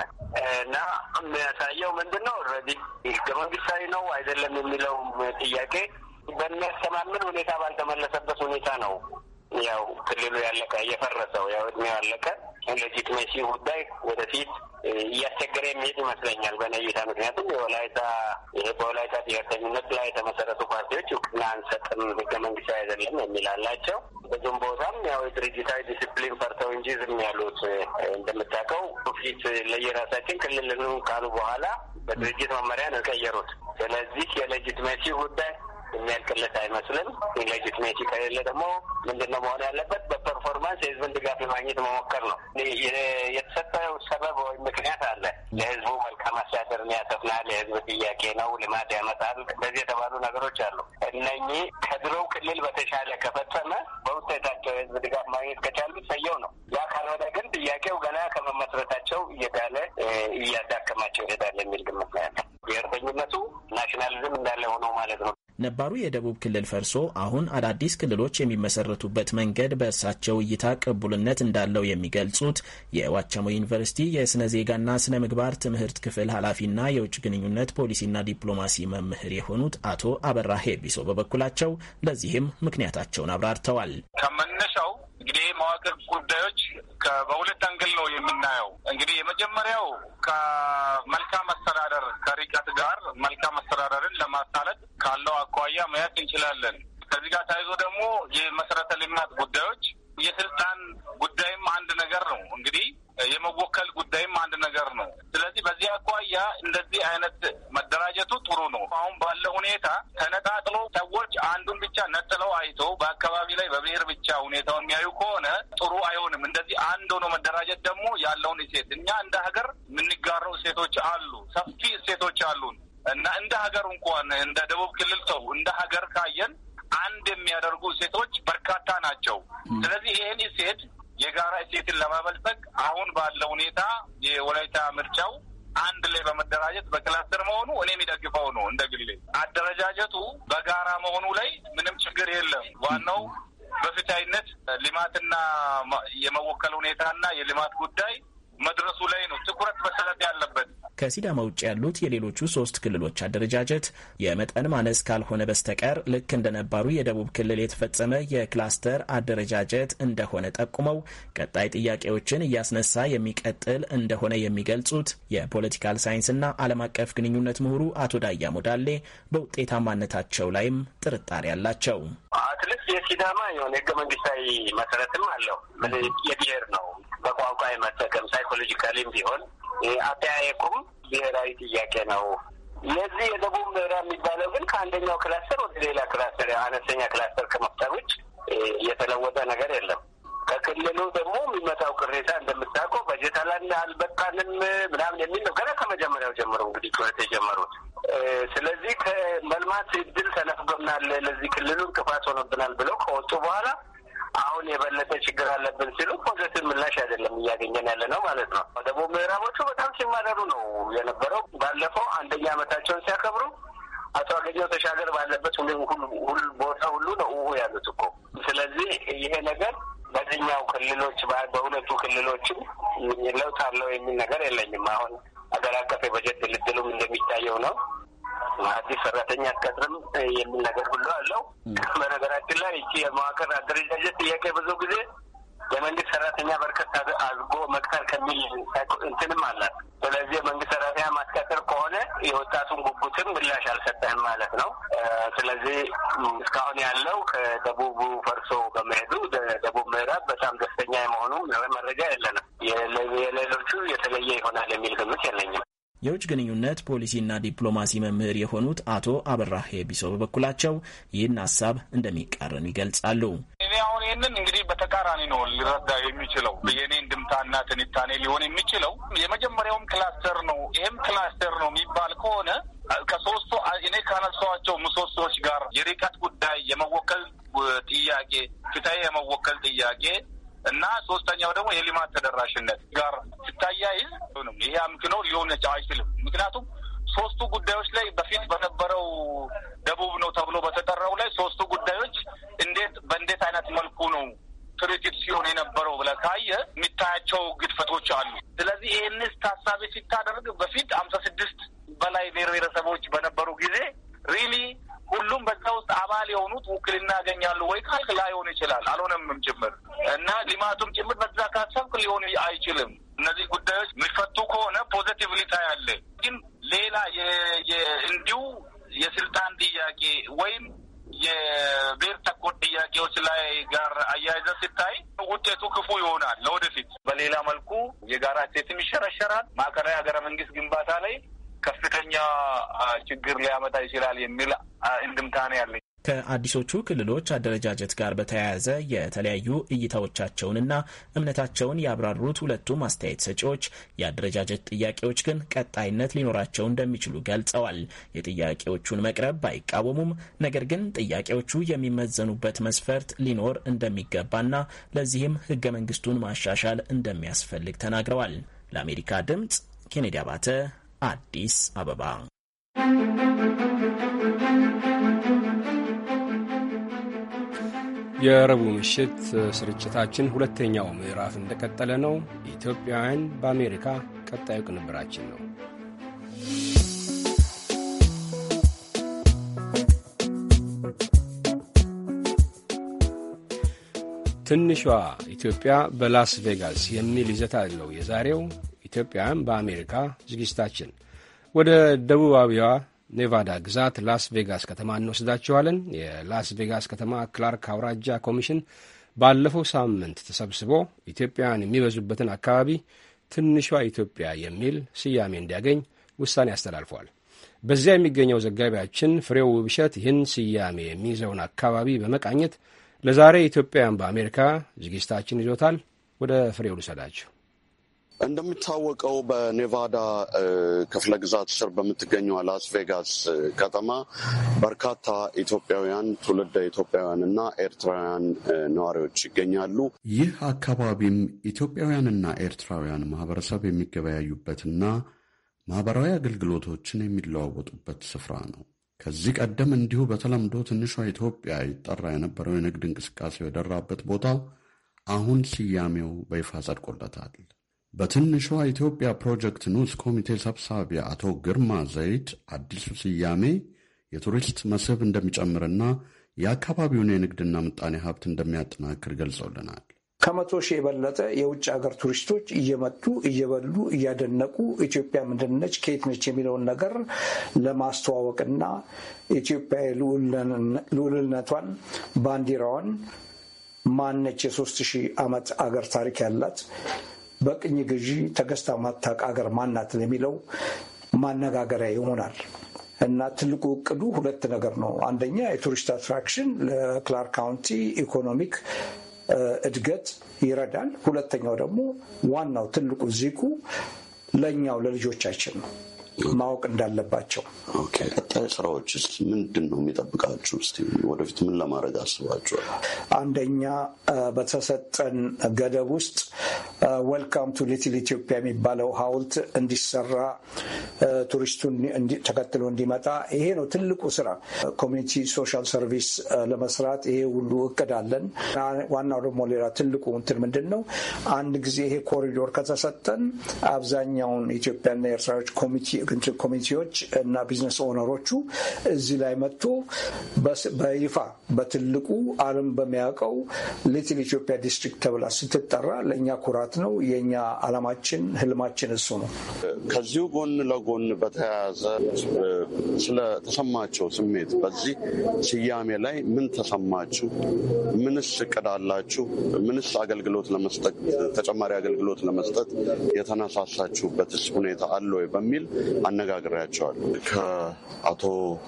እና የሚያሳየው ምንድን ነው ረዚህ ህገ መንግስታዊ ነው አይደለም የሚለውም ጥያቄ በሚያስተማምን ሁኔታ ባልተመለሰበት ሁኔታ ነው ያው ክልሉ ያለቀ እየፈረሰው ያው እድሜው ያለቀ ሌጂትመሲ ጉዳይ ወደፊት እያስቸገረ የሚሄድ ይመስለኛል በእኔ እይታ። ምክንያቱም የወላይታ በወላይታ ብሔርተኝነት ላይ የተመሰረቱ ፓርቲዎች እውቅና አንሰጥም፣ ህገ መንግስታዊ አይደለም የሚል አላቸው። በዚሁም ቦታም ያው የድርጅታዊ ዲስፕሊን ፈርተው እንጂ ዝም ያሉት እንደምታውቀው ፊት ለየራሳችን ክልል ካሉ በኋላ በድርጅት መመሪያ ነው የቀየሩት። ስለዚህ የሌጂትመሲ ጉዳይ የሚያልቅለት አይመስልም። ኢንሌጅትሜሲ ከሌለ ደግሞ ምንድነው መሆን ያለበት? በፐርፎርማንስ የህዝብን ድጋፍ የማግኘት መሞከር ነው። የተሰጠው ሰበብ ወይም ምክንያት አለ። ለህዝቡ መልካም አስተዳደርን ያሰፍናል፣ የህዝብ ጥያቄ ነው፣ ልማት ያመጣል፣ እንደዚህ የተባሉ ነገሮች አሉ። እነኚህ ከድሮው ክልል በተሻለ ከፈጸመ በውጤታቸው የህዝብ ድጋፍ ማግኘት ከቻሉ ሰየው ነው። ያ ካልሆነ ግን ጥያቄው ገና ከመመስረታቸው እየጋለ እያዳከማቸው ይሄዳል የሚል ግምት ነው ያለ። ብሔርተኝነቱ ናሽናሊዝም እንዳለ ሆነው ማለት ነው። ነባሩ የደቡብ ክልል ፈርሶ አሁን አዳዲስ ክልሎች የሚመሰረቱበት መንገድ በእሳቸው እይታ ቅቡልነት እንዳለው የሚገልጹት የዋቸሞ ዩኒቨርሲቲ የስነ ዜጋና ስነ ምግባር ትምህርት ክፍል ኃላፊና የውጭ ግንኙነት ፖሊሲና ዲፕሎማሲ መምህር የሆኑት አቶ አበራ ሄቢሶ በበኩላቸው ለዚህም ምክንያታቸውን አብራርተዋል። ከመነሻው እንግዲህ የመዋቅር ጉዳዮች በሁለት አንግል ነው የምናየው። እንግዲህ የመጀመሪያው ከመልካም አስተዳደር ከርቀት ጋር መልካም አስተዳደርን ለማሳለጥ ካለው አኳያ መያዝ እንችላለን። ከዚህ ጋር ተያይዞ ደግሞ የመሰረተ ልማት ጉዳዮች የስልጣን ጉዳይም አንድ ነገር ነው እንግዲህ የመወከል ጉዳይም አንድ ነገር ነው። ስለዚህ በዚህ አኳያ እንደዚህ አይነት መደራጀቱ ጥሩ ነው። አሁን ባለው ሁኔታ ተነጣጥሎ ሰዎች አንዱን ብቻ ነጥለው አይቶ በአካባቢ ላይ በብሔር ብቻ ሁኔታው የሚያዩ ከሆነ ጥሩ አይሆንም። እንደዚህ አንድ ሆኖ መደራጀት ደግሞ ያለውን እሴት እኛ እንደ ሀገር የምንጋረው እሴቶች አሉ፣ ሰፊ እሴቶች አሉን እና እንደ ሀገር እንኳን እንደ ደቡብ ክልል ሰው እንደ ሀገር ካየን አንድ የሚያደርጉ እሴቶች በርካታ ናቸው። ስለዚህ ይህን እሴት የጋራ እሴትን ለመበልጸግ አሁን ባለው ሁኔታ የወላይታ ምርጫው አንድ ላይ በመደራጀት በክላስተር መሆኑ እኔ የሚደግፈው ነው። እንደ ግሌ አደረጃጀቱ በጋራ መሆኑ ላይ ምንም ችግር የለም። ዋናው በፍትሃዊነት ልማትና የመወከል ሁኔታና የልማት ጉዳይ መድረሱ ላይ ነው ትኩረት መሰረት ያለበት። ከሲዳማ ውጭ ያሉት የሌሎቹ ሶስት ክልሎች አደረጃጀት የመጠን ማነስ ካልሆነ በስተቀር ልክ እንደነባሩ የደቡብ ክልል የተፈጸመ የክላስተር አደረጃጀት እንደሆነ ጠቁመው ቀጣይ ጥያቄዎችን እያስነሳ የሚቀጥል እንደሆነ የሚገልጹት የፖለቲካል ሳይንስና ዓለም አቀፍ ግንኙነት ምሁሩ አቶ ዳያ ሞዳሌ በውጤታማነታቸው ላይም ጥርጣሬ አላቸው። አትልስ የሲዳማ የሆነ ህገ መንግስታዊ መሰረትም አለው የብሔር ነው በቋንቋ የመጠቀም ሳይኮሎጂካሊም ቢሆን አጠያየቁም ብሔራዊ ጥያቄ ነው። የዚህ የደቡብ ምዕራብ የሚባለው ግን ከአንደኛው ክላስተር ወደ ሌላ ክላስተር አነስተኛ ክላስተር ከመፍጠር ውጭ የተለወጠ ነገር የለም። ከክልሉ ደግሞ የሚመጣው ቅሬታ እንደምታውቀው በጀት አልበቃንም ምናምን የሚል ነው ገና ከመጀመሪያው ጀምሮ እንግዲህ ጩኸት የጀመሩት። ስለዚህ ከመልማት እድል ተነፍጎናል፣ ለዚህ ክልሉ እንቅፋት ሆኖብናል ብለው ከወጡ በኋላ አሁን የበለጠ ችግር አለብን ሲሉ ፖዘቲቭ ምላሽ አይደለም እያገኘን ያለ ነው ማለት ነው። ደግሞ ምዕራቦቹ በጣም ሲማረሩ ነው የነበረው። ባለፈው አንደኛ ዓመታቸውን ሲያከብሩ አቶ አገኘው ተሻገር ባለበት ሁሉ ቦታ ሁሉ ነው ያሉት እኮ። ስለዚህ ይሄ ነገር በዚህኛው ክልሎች በሁለቱ ክልሎችም ለውጥ አለው የሚል ነገር የለኝም። አሁን አገር አቀፍ የበጀት ድልድሉም እንደሚታየው ነው አዲስ ሰራተኛ አትቀጥርም የሚል ነገር ሁሉ አለው። በነገራችን ላይ እቺ የመዋቅር አደረጃጀት ጥያቄ ብዙ ጊዜ የመንግስት ሰራተኛ በርከት አድርጎ መቅጠር ከሚል እንትንም አላት። ስለዚህ የመንግስት ሰራተኛ ማስቀጠር ከሆነ የወጣቱን ጉጉትም ምላሽ አልሰጠህም ማለት ነው። ስለዚህ እስካሁን ያለው ከደቡቡ ፈርሶ በመሄዱ ደቡብ ምዕራብ በጣም ደስተኛ የመሆኑ መረጃ የለንም። የሌሎቹ የተለየ ይሆናል የሚል ግምት የለኝም። የውጭ ግንኙነት ፖሊሲና ዲፕሎማሲ መምህር የሆኑት አቶ አበራሄ ቢሶ በበኩላቸው ይህን ሀሳብ እንደሚቃረን ይገልጻሉ። እኔ አሁን ይህንን እንግዲህ በተቃራኒ ነው ሊረዳ የሚችለው የእኔ እንድምታና ትንታኔ ሊሆን የሚችለው የመጀመሪያውም ክላስተር ነው። ይህም ክላስተር ነው የሚባል ከሆነ ከሶስቱ እኔ ካነሷቸው ምሰሶዎች ጋር የርቀት ጉዳይ፣ የመወከል ጥያቄ፣ ፍትህ የመወከል ጥያቄ እና ሶስተኛው ደግሞ የልማት ተደራሽነት ጋር ሲታያይዝ ይሄ አምክነው ሊሆን አይችልም። ምክንያቱም ሶስቱ ጉዳዮች ላይ በፊት በነበረው ደቡብ ነው ተብሎ በተጠራው ላይ ሶስቱ ጉዳዮች እንዴት በእንዴት አይነት መልኩ ነው ትርኢት ሲሆን የነበረው ብለህ ካየ የሚታያቸው ግድፈቶች አሉ። ስለዚህ ይህንስ ታሳቢ ሲታደርግ በፊት አምሳ ስድስት በላይ ብሔር ብሔረሰቦች በነበሩ ጊዜ ሪሊ ሁሉም በዛ ውስጥ አባል የሆኑት ውክልና ያገኛሉ ወይ ካልክ ላይሆን ይችላል። አልሆነምም ጭምር እና ሊማቱም ጭምር በዛ ካሰብክ ሊሆን አይችልም። እነዚህ ጉዳዮች የሚፈቱ ከሆነ ፖዘቲቭሊ ታያለ። ግን ሌላ እንዲሁ የስልጣን ጥያቄ ወይም የብሔር ተኮር ጥያቄዎች ላይ ጋር አያይዘ ሲታይ ውጤቱ ክፉ ይሆናል ለወደፊት። በሌላ መልኩ የጋራ ሴትም ይሸረሸራል። ማዕከላዊ ሀገረ መንግስት ግንባታ ላይ ከፍተኛ ችግር ሊያመጣ ይችላል የሚል እንድምታ ነው ያለኝ። ከአዲሶቹ ክልሎች አደረጃጀት ጋር በተያያዘ የተለያዩ እይታዎቻቸውንና እምነታቸውን ያብራሩት ሁለቱም አስተያየት ሰጪዎች የአደረጃጀት ጥያቄዎች ግን ቀጣይነት ሊኖራቸው እንደሚችሉ ገልጸዋል። የጥያቄዎቹን መቅረብ ባይቃወሙም፣ ነገር ግን ጥያቄዎቹ የሚመዘኑበት መስፈርት ሊኖር እንደሚገባና ለዚህም ሕገ መንግስቱን ማሻሻል እንደሚያስፈልግ ተናግረዋል። ለአሜሪካ ድምጽ ኬኔዲ አባተ አዲስ አበባ። የረቡዕ ምሽት ስርጭታችን ሁለተኛው ምዕራፍ እንደቀጠለ ነው። ኢትዮጵያውያን በአሜሪካ ቀጣዩ ቅንብራችን ነው። ትንሿ ኢትዮጵያ በላስ ቬጋስ የሚል ይዘት አለው የዛሬው ኢትዮጵያውያን በአሜሪካ ዝግጅታችን ወደ ደቡባዊዋ ኔቫዳ ግዛት ላስ ቬጋስ ከተማ እንወስዳችኋለን። የላስ ቬጋስ ከተማ ክላርክ አውራጃ ኮሚሽን ባለፈው ሳምንት ተሰብስቦ ኢትዮጵያውያን የሚበዙበትን አካባቢ ትንሿ ኢትዮጵያ የሚል ስያሜ እንዲያገኝ ውሳኔ አስተላልፏል። በዚያ የሚገኘው ዘጋቢያችን ፍሬው ውብሸት ይህን ስያሜ የሚይዘውን አካባቢ በመቃኘት ለዛሬ ኢትዮጵያውያን በአሜሪካ ዝግጅታችን ይዞታል። ወደ ፍሬው ልውሰዳችሁ። እንደሚታወቀው በኔቫዳ ክፍለ ግዛት ስር በምትገኘው ላስ ቬጋስ ከተማ በርካታ ኢትዮጵያውያን ትውልደ ኢትዮጵያውያንና ኤርትራውያን ነዋሪዎች ይገኛሉ። ይህ አካባቢም ኢትዮጵያውያንና ኤርትራውያን ማህበረሰብ የሚገበያዩበትና ማህበራዊ አገልግሎቶችን የሚለዋወጡበት ስፍራ ነው። ከዚህ ቀደም እንዲሁ በተለምዶ ትንሿ ኢትዮጵያ ይጠራ የነበረው የንግድ እንቅስቃሴ የደራበት ቦታው አሁን ስያሜው በይፋ ጸድቆለታል። በትንሿ ኢትዮጵያ ፕሮጀክት ንዑስ ኮሚቴ ሰብሳቢ አቶ ግርማ ዘይድ አዲሱ ስያሜ የቱሪስት መስህብ እንደሚጨምርና የአካባቢውን የንግድና ምጣኔ ሀብት እንደሚያጠናክር ገልጸውልናል። ከመቶ ሺህ የበለጠ የውጭ ሀገር ቱሪስቶች እየመጡ እየበሉ እያደነቁ ኢትዮጵያ ምንድነች ከየት ነች የሚለውን ነገር ለማስተዋወቅና ኢትዮጵያ ልዑልነቷን ባንዲራዋን ማነች የሶስት ሺህ ዓመት አገር ታሪክ ያላት በቅኝ ግዢ ተገዝታ ማታቅ አገር ማናት የሚለው ማነጋገሪያ ይሆናል። እና ትልቁ እቅዱ ሁለት ነገር ነው። አንደኛ የቱሪስት አትራክሽን ለክላር ካውንቲ ኢኮኖሚክ እድገት ይረዳል። ሁለተኛው ደግሞ ዋናው ትልቁ ዚቁ ለእኛው ለልጆቻችን ነው። ማወቅ እንዳለባቸው። ቀጣይ ስራዎች ስ ምንድን ነው የሚጠብቃችሁ? ስ ወደፊት ምን ለማድረግ አስባችኋል? አንደኛ በተሰጠን ገደብ ውስጥ ወልካም ቱ ሊትል ኢትዮጵያ የሚባለው ሀውልት እንዲሰራ ቱሪስቱን ተከትሎ እንዲመጣ ይሄ ነው ትልቁ ስራ። ኮሚኒቲ ሶሻል ሰርቪስ ለመስራት ይሄ ሁሉ እቅድ አለን። ዋናው ደግሞ ሌላ ትልቁ እንትን ምንድን ነው አንድ ጊዜ ይሄ ኮሪዶር ከተሰጠን አብዛኛውን ኢትዮጵያና ኤርትራዎች ኮሚቴ ኮሚኒቲዎች እና ቢዝነስ ኦነሮቹ እዚህ ላይ መጥቶ በይፋ በትልቁ ዓለም በሚያውቀው ሊትል ኢትዮጵያ ዲስትሪክት ተብላ ስትጠራ ለእኛ ኩራት ነው። የእኛ ዓላማችን ህልማችን እሱ ነው። ከዚሁ ጎን ለጎን በተያያዘ ስለተሰማቸው ስሜት በዚህ ስያሜ ላይ ምን ተሰማችሁ? ምንስ እቅድ አላችሁ? ምንስ አገልግሎት ለመስጠት ተጨማሪ አገልግሎት ለመስጠት የተነሳሳችሁበትስ ሁኔታ አለ ወይ በሚል አነጋግሬያቸዋለሁ። ከአቶ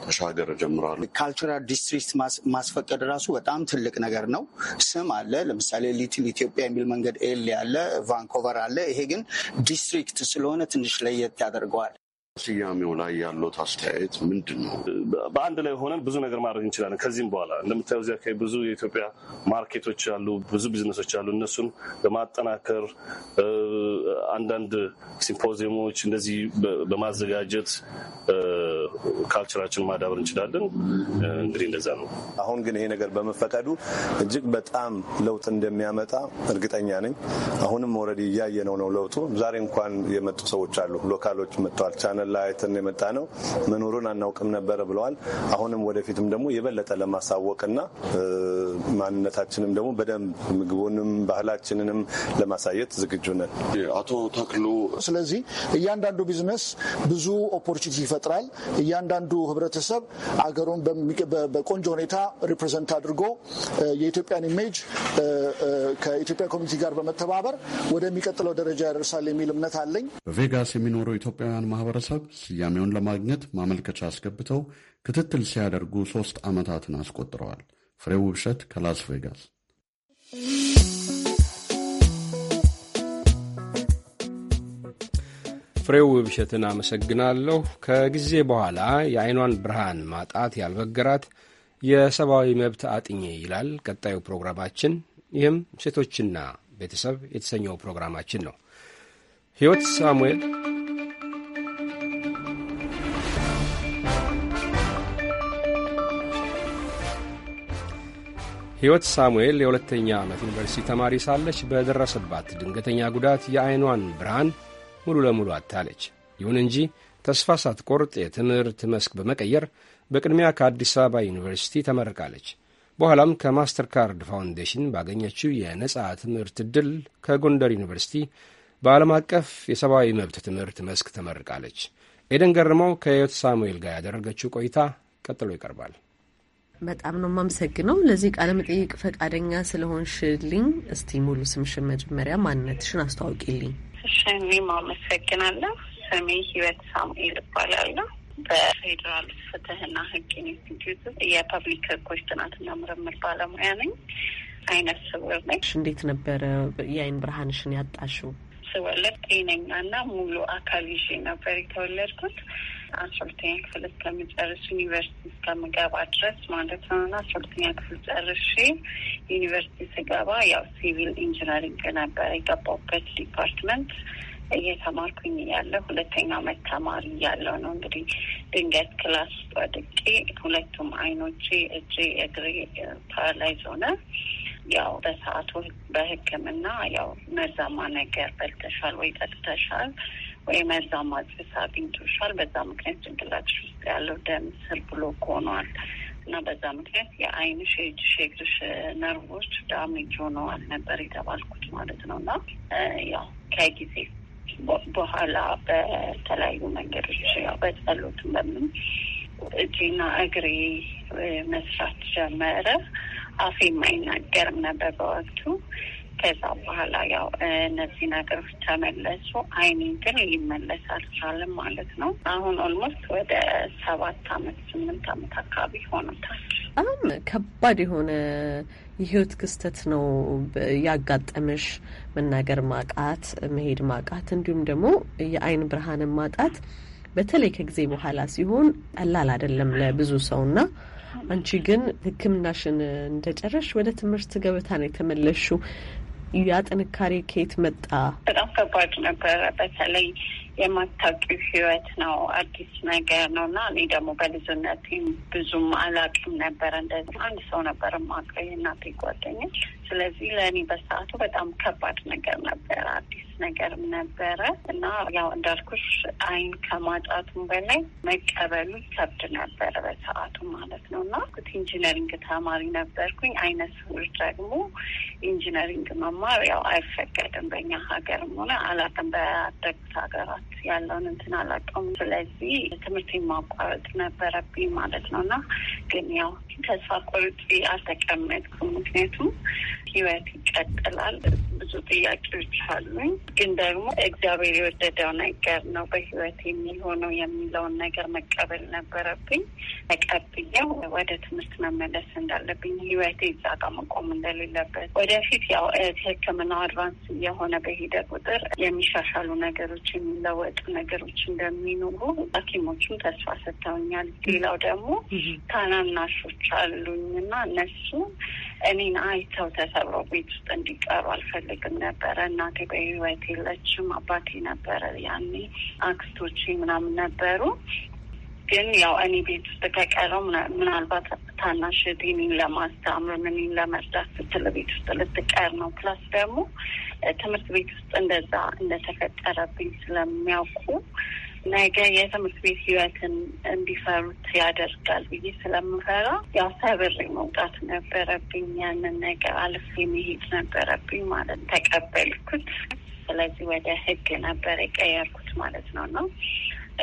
ተሻገር ጀምራሉ። ካልቸራል ዲስትሪክት ማስፈቀድ ራሱ በጣም ትልቅ ነገር ነው። ስም አለ። ለምሳሌ ሊትል ኢትዮጵያ የሚል መንገድ ኤል ያለ፣ ቫንኮቨር አለ። ይሄ ግን ዲስትሪክት ስለሆነ ትንሽ ለየት ያደርገዋል። ስያሜው ላይ ያለት አስተያየት ምንድን ነው? በአንድ ላይ ሆነን ብዙ ነገር ማድረግ እንችላለን። ከዚህም በኋላ እንደምታየው እዚህ አካባቢ ብዙ የኢትዮጵያ ማርኬቶች አሉ፣ ብዙ ቢዝነሶች አሉ። እነሱን በማጠናከር አንዳንድ ሲምፖዚየሞች እንደዚህ በማዘጋጀት ካልቸራችን ማዳበር እንችላለን። እንግዲህ እንደዛ ነው። አሁን ግን ይሄ ነገር በመፈቀዱ እጅግ በጣም ለውጥ እንደሚያመጣ እርግጠኛ ነኝ። አሁንም ኦልሬዲ እያየነው ነው ለውጡ። ዛሬ እንኳን የመጡ ሰዎች አሉ፣ ሎካሎች መጥተዋል። ቻነል ላይትን የመጣ ነው መኖሩን አናውቅም ነበረ ብለዋል። አሁንም ወደፊትም ደግሞ የበለጠ ለማሳወቅና ማንነታችንም ደግሞ በደንብ ምግቡንም ባህላችንንም ለማሳየት ዝግጁ ነን። አቶ ተክሉ፣ ስለዚህ እያንዳንዱ ቢዝነስ ብዙ ኦፖርቹኒቲ ይፈጥራል። እያንዳንዱ ህብረተሰብ አገሩን በቆንጆ ሁኔታ ሪፕሬዘንት አድርጎ የኢትዮጵያን ኢሜጅ ከኢትዮጵያ ኮሚኒቲ ጋር በመተባበር ወደሚቀጥለው ደረጃ ያደርሳል የሚል እምነት አለኝ። በቬጋስ የሚኖሩ ኢትዮጵያውያን ማህበረሰብ ስያሜውን ለማግኘት ማመልከቻ አስገብተው ክትትል ሲያደርጉ ሶስት ዓመታትን አስቆጥረዋል። ፍሬው ውብሸት ከላስ ቬጋስ ፍሬው ውብሸትን አመሰግናለሁ። ከጊዜ በኋላ የአይኗን ብርሃን ማጣት ያልበገራት የሰብአዊ መብት አጥኚ ይላል ቀጣዩ ፕሮግራማችን። ይህም ሴቶችና ቤተሰብ የተሰኘው ፕሮግራማችን ነው። ሕይወት ሳሙኤል ሕይወት ሳሙኤል የሁለተኛ ዓመት ዩኒቨርሲቲ ተማሪ ሳለች በደረሰባት ድንገተኛ ጉዳት የአይኗን ብርሃን ሙሉ ለሙሉ አታለች ይሁን እንጂ ተስፋ ሳትቆርጥ የትምህርት መስክ በመቀየር በቅድሚያ ከአዲስ አበባ ዩኒቨርሲቲ ተመርቃለች። በኋላም ከማስተርካርድ ፋውንዴሽን ባገኘችው የነጻ ትምህርት ዕድል ከጎንደር ዩኒቨርሲቲ በዓለም አቀፍ የሰብአዊ መብት ትምህርት መስክ ተመርቃለች። ኤደን ገርመው ከህይወት ሳሙኤል ጋር ያደረገችው ቆይታ ቀጥሎ ይቀርባል። በጣም ነው የማመሰግነው ለዚህ ቃለ መጠይቅ ፈቃደኛ ስለሆንሽልኝ። እስቲ ሙሉ ስምሽን መጀመሪያ ማንነትሽን አስተዋውቂልኝ። እሺ፣ እኔም አመሰግናለሁ። ስሜ ህይወት ሳሙኤል እባላለሁ። በፌዴራል ፍትህና ህግ ኢንስቲትዩት የፐብሊክ ህጎች ጥናትና ምርምር ባለሙያ ነኝ። አይነ ስውር ነኝ። እንዴት ነበረ የአይን ብርሃንሽን ያጣሽው? ስወለድ ጤነኛና ሙሉ አካል ይዤ ነበር የተወለድኩት። አስርተኛ ክፍል እስከምጨርስ ዩኒቨርሲቲ እስከምገባ ድረስ ማለት ነው እና አስርተኛ ክፍል ጨርሼ ዩኒቨርሲቲ ስገባ ያው ሲቪል ኢንጂነሪንግ ነበር የገባሁበት ዲፓርትመንት እየተማርኩኝ እያለ ሁለተኛ ዓመት ተማሪ እያለሁ ነው እንግዲህ ድንገት ክላስ ወድቄ ሁለቱም አይኖቼ፣ እጄ፣ እግሬ ፓራላይዝ ሆነ። ያው በሰዓቱ በሕክምና ያው መርዛማ ነገር በልተሻል ወይ ጠጥተሻል ወይም ያዛም ጭስ አግኝቶሻል፣ በዛ ምክንያት ጭንቅላትሽ ውስጥ ያለው ደም ስር ብሎክ ሆኗል እና በዛ ምክንያት የአይንሽ፣ የእጅሽ፣ የእግርሽ ነርቮች ዳሜጅ ሆነዋል ነበር የተባልኩት ማለት ነው እና ያው ከጊዜ በኋላ በተለያዩ መንገዶች ያው በጸሎት በምን እጅና እግሬ መስራት ጀመረ። አፌ የማይናገርም ነበር በወቅቱ ከዛ በኋላ ያው እነዚህ ነገሮች ተመለሱ። አይኔ ግን ሊመለስ አልቻለም ማለት ነው። አሁን ኦልሞስት ወደ ሰባት አመት ስምንት አመት አካባቢ ሆኖታል። በጣም ከባድ የሆነ የህይወት ክስተት ነው ያጋጠመሽ። መናገር ማቃት መሄድ ማቃት እንዲሁም ደግሞ የአይን ብርሃንን ማጣት በተለይ ከጊዜ በኋላ ሲሆን ቀላል አይደለም ለብዙ ሰውና አንቺ ግን ሕክምናሽን እንደጨረሽ ወደ ትምህርት ገበታ ነው የተመለሹ። ያ ጥንካሬ ከየት መጣ? በጣም ከባድ ነበረ። በተለይ የማታውቂው ህይወት ነው፣ አዲስ ነገር ነው እና እኔ ደግሞ በልጅነት ብዙም አላውቅም ነበረ። እንደዚህ አንድ ሰው ነበር የማውቀው የእናቴ ጓደኛ። ስለዚህ ለእኔ በሰዓቱ በጣም ከባድ ነገር ነበር አዲስ ነገርም ነበረ እና ያው እንዳልኩሽ አይን ከማጣቱም በላይ መቀበሉ ይከብድ ነበረ በሰዓቱ ማለት ነው። እና ኢንጂነሪንግ ተማሪ ነበርኩኝ። አይነ ስውር ደግሞ ኢንጂነሪንግ መማር ያው አይፈቀድም በኛ ሀገርም ሆነ አላውቅም፣ በአደጉት ሀገራት ያለውን እንትን አላውቅም። ስለዚህ ትምህርት ማቋረጥ ነበረብኝ ማለት ነው እና ግን ያው ተስፋ ቆርጬ አልተቀመጥኩም። ምክንያቱም ህይወት ይቀጥላል። ብዙ ጥያቄዎች አሉኝ። ግን ደግሞ እግዚአብሔር የወደደው ነገር ነው በህይወት የሚሆነው የሚለውን ነገር መቀበል ነበረብኝ። ተቀብዬው ወደ ትምህርት መመለስ እንዳለብኝ ህይወት እዛ መቆም እንደሌለበት ወደፊት ያው ሕክምናው አድቫንስ የሆነ በሄደ ቁጥር የሚሻሻሉ ነገሮች የሚለወጡ ነገሮች እንደሚኖሩ ሐኪሞቹም ተስፋ ሰጥተውኛል። ሌላው ደግሞ ታናናሾች አሉኝ እና እነሱ እኔን አይተው ተሰብረው ቤት ውስጥ እንዲቀሩ አልፈልግም ነበረ እናቴ በህይወት እህት የለችም። አባቴ ነበረ ያኔ አክስቶቼ ምናምን ነበሩ። ግን ያው እኔ ቤት ውስጥ ከቀረው ምናልባት ታናሽ እህቴን ለማስተምር እኔን ለመርዳት ስትል ቤት ውስጥ ልትቀር ነው። ፕላስ ደግሞ ትምህርት ቤት ውስጥ እንደዛ እንደተፈጠረብኝ ስለሚያውቁ ነገ የትምህርት ቤት ህይወትን እንዲፈሩት ያደርጋል ብዬ ስለምፈራ ያው ሰብሬ መውጣት ነበረብኝ። ያንን ነገር አልፌ መሄድ ነበረብኝ ማለት ተቀበልኩት። ስለዚህ ወደ ህግ ነበር የቀየርኩት ማለት ነው ነው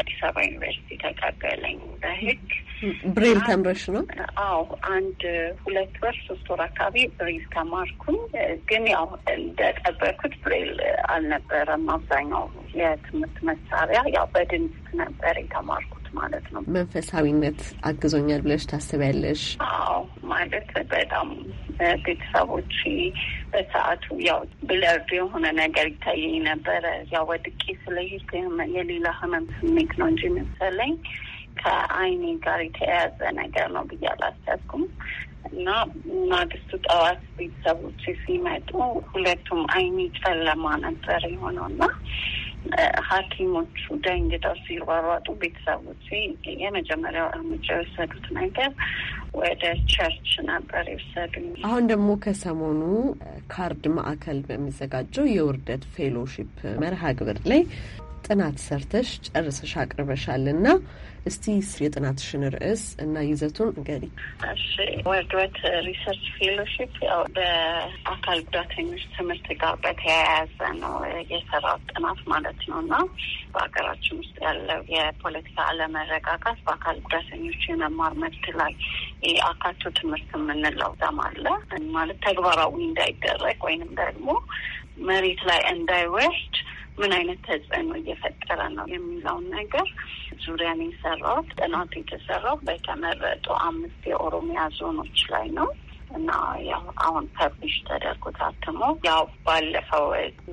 አዲስ አበባ ዩኒቨርሲቲ ተቀበለኝ በህግ ብሬል ተምረሽ ነው? አዎ አንድ ሁለት ወር ሶስት ወር አካባቢ ብሬል ተማርኩኝ። ግን ያው እንደጠበኩት ብሬል አልነበረም። አብዛኛው የትምህርት መሳሪያ ያው በድምፅ ነበር የተማርኩት። ማለት ነው። መንፈሳዊነት አግዞኛል ብለሽ ታስቢያለሽ? አዎ ማለት በጣም ቤተሰቦች በሰዓቱ ያው ብለርድ የሆነ ነገር ይታየኝ ነበረ። ያው ወድቄ ስለሄድኩ የሌላ ህመም ስሜት ነው እንጂ መሰለኝ ከአይኔ ጋር የተያያዘ ነገር ነው ብዬ አላሰብኩም። እና ማግስቱ ጠዋት ቤተሰቦች ሲመጡ ሁለቱም አይኔ ጨለማ ነበር የሆነው እና ሐኪሞቹ ደንግጠው ሲሯሯጡ ቤተሰቦች የመጀመሪያው እርምጃ የወሰዱት ነገር ወደ ቸርች ነበር የወሰዱ። አሁን ደግሞ ከሰሞኑ ካርድ ማዕከል በሚዘጋጀው የውርደት ፌሎሺፕ መርሃ ግብር ላይ ጥናት ሰርተሽ ጨርሰሽ አቅርበሻል እና እስቲ የጥናትሽን ርዕስ እና ይዘቱን ንገሪ። ወርድበት ሪሰርች ፌሎሺፕ ያው በአካል ጉዳተኞች ትምህርት ጋር በተያያዘ ነው የሰራው ጥናት ማለት ነው እና በሀገራችን ውስጥ ያለው የፖለቲካ አለመረጋጋት በአካል ጉዳተኞች የመማር መብት ላይ አካቶ ትምህርት የምንለው ዘማለ ማለት ተግባራዊ እንዳይደረግ ወይንም ደግሞ መሬት ላይ እንዳይወርድ ምን አይነት ተጽዕኖ እየፈጠረ ነው የሚለውን ነገር ዙሪያን የሰራው ጥናቱ የተሰራው በተመረጡ አምስት የኦሮሚያ ዞኖች ላይ ነው እና ያው አሁን ፐብሊሽ ተደርጎ ታትሞ ያው ባለፈው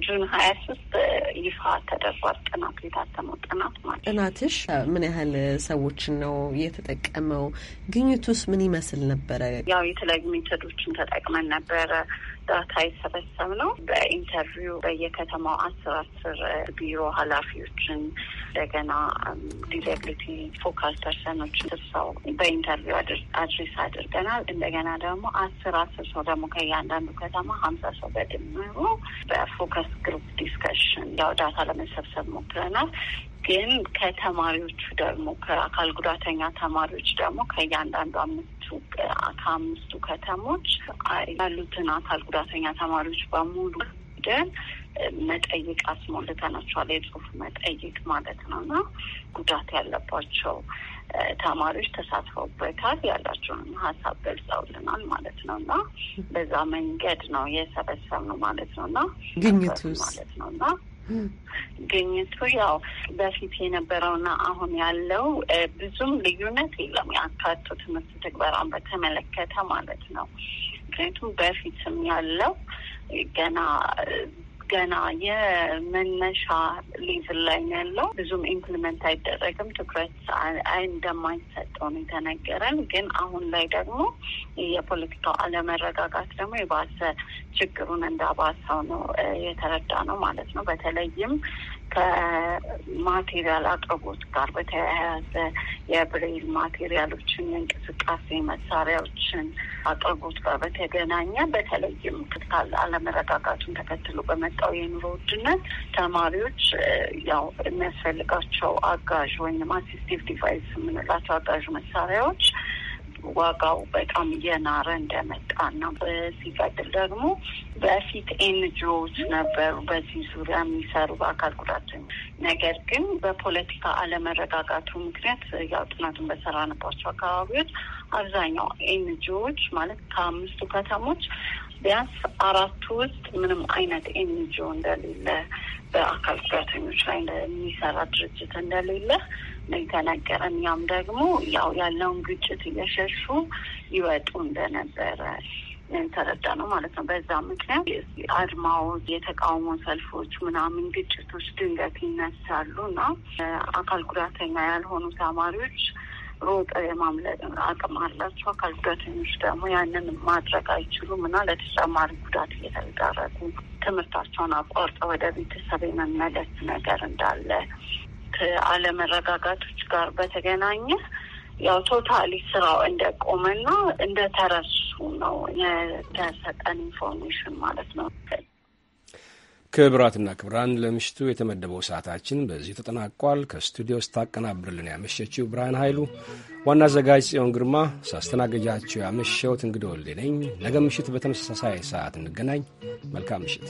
ጁን ሀያ ሶስት ይፋ ተደርጓል። ጥናቱ የታተመው ጥናት ማለት ጥናትሽ ምን ያህል ሰዎችን ነው የተጠቀመው? ግኝቱስ ምን ይመስል ነበረ? ያው የተለያዩ ሜቶዶችን ተጠቅመን ነበረ እርዳታ የሰበሰብ ነው። በኢንተርቪው በየከተማው አስር አስር ቢሮ ኃላፊዎችን እንደገና ዲዛብሊቲ ፎካል ፐርሰኖችን ስብሰው በኢንተርቪው አድሬስ አድርገናል። እንደገና ደግሞ አስር አስር ሰው ደግሞ ከእያንዳንዱ ከተማ ሀምሳ ሰው በድምሩ በፎከስ ግሩፕ ዲስከሽን ያው ዳታ ለመሰብሰብ ሞክረናል። ግን ከተማሪዎቹ ደግሞ ከአካል ጉዳተኛ ተማሪዎች ደግሞ ከእያንዳንዱ አምስቱ ከአምስቱ ከተሞች ያሉትን አካል ጉዳተኛ ተማሪዎች በሙሉ ደን መጠይቅ አስሞልተናቸዋል። የጽሁፍ መጠይቅ ማለት ነው እና ጉዳት ያለባቸው ተማሪዎች ተሳትፈውበታል። ያላቸውን ሀሳብ ገልጸውልናል ማለት ነው እና በዛ መንገድ ነው የሰበሰብ ነው ማለት ነው እና ግኝቱስ ማለት ነው እና ግኝቱ ያው በፊት የነበረውና አሁን ያለው ብዙም ልዩነት የለም። የአካቶ ትምህርት ትግበራን በተመለከተ ማለት ነው። ምክንያቱም በፊትም ያለው ገና ገና የመነሻ ሌቭል ላይ ነው ያለው። ብዙም ኢምፕሊመንት አይደረግም፣ ትኩረት እንደማይሰጠው ነው የተነገረን። ግን አሁን ላይ ደግሞ የፖለቲካው አለመረጋጋት ደግሞ የባሰ ችግሩን እንዳባሰው ነው የተረዳ ነው ማለት ነው። በተለይም ከማቴሪያል አቅርቦት ጋር በተያያዘ የብሬል ማቴሪያሎችን፣ የእንቅስቃሴ መሳሪያዎችን አቅርቦት ጋር በተገናኘ በተለይም ክትካል አለመረጋጋቱን ተከትሎ በመጣው የኑሮ ውድነት ተማሪዎች ያው የሚያስፈልጋቸው አጋዥ ወይም አሲስቲቭ ዲቫይስ የምንላቸው አጋዥ መሳሪያዎች ዋጋው በጣም እየናረ እንደመጣ ነው። ሲቀጥል ደግሞ በፊት ኤንጂኦዎች ነበሩ በዚህ ዙሪያ የሚሰሩ በአካል ጉዳተኞች። ነገር ግን በፖለቲካ አለመረጋጋቱ ምክንያት ያው ጥናቱን በሰራንባቸው አካባቢዎች አብዛኛው ኤንጂኦዎች ማለት ከአምስቱ ከተሞች ቢያንስ አራቱ ውስጥ ምንም አይነት ኤንጂኦ እንደሌለ በአካል ጉዳተኞች ላይ የሚሰራ ድርጅት እንደሌለ ነው የተነገረን። ያም ደግሞ ያው ያለውን ግጭት እየሸሹ ይወጡ እንደነበረ ተረዳ ነው ማለት ነው። በዛ ምክንያት አድማዎች፣ የተቃውሞ ሰልፎች ምናምን ግጭቶች ድንገት ይነሳሉ እና አካል ጉዳተኛ ያልሆኑ ተማሪዎች ሮጠ የማምለጥ አቅም አላቸው። አካል ጉዳተኞች ደግሞ ያንን ማድረግ አይችሉም እና ለተጨማሪ ጉዳት እየተዳረጉ ትምህርታቸውን አቋርጠ ወደ ቤተሰብ የመመለስ ነገር እንዳለ አለመረጋጋቶች ጋር በተገናኘ ያው ቶታሊ ስራው እንደቆመና እንደተረሱ ነው የተሰጠን ኢንፎርሜሽን ማለት ነው። ክብራትና ክብራን ለምሽቱ የተመደበው ሰዓታችን በዚህ ተጠናቋል። ከስቱዲዮ ስታቀናብርልን ያመሸችው ብርሃን ኃይሉ፣ ዋና አዘጋጅ ጽዮን ግርማ፣ ሳስተናገጃቸው ያመሸሁት እንግዳ ወልዴ ነኝ። ነገ ምሽት በተመሳሳይ ሰዓት እንገናኝ። መልካም ምሽት።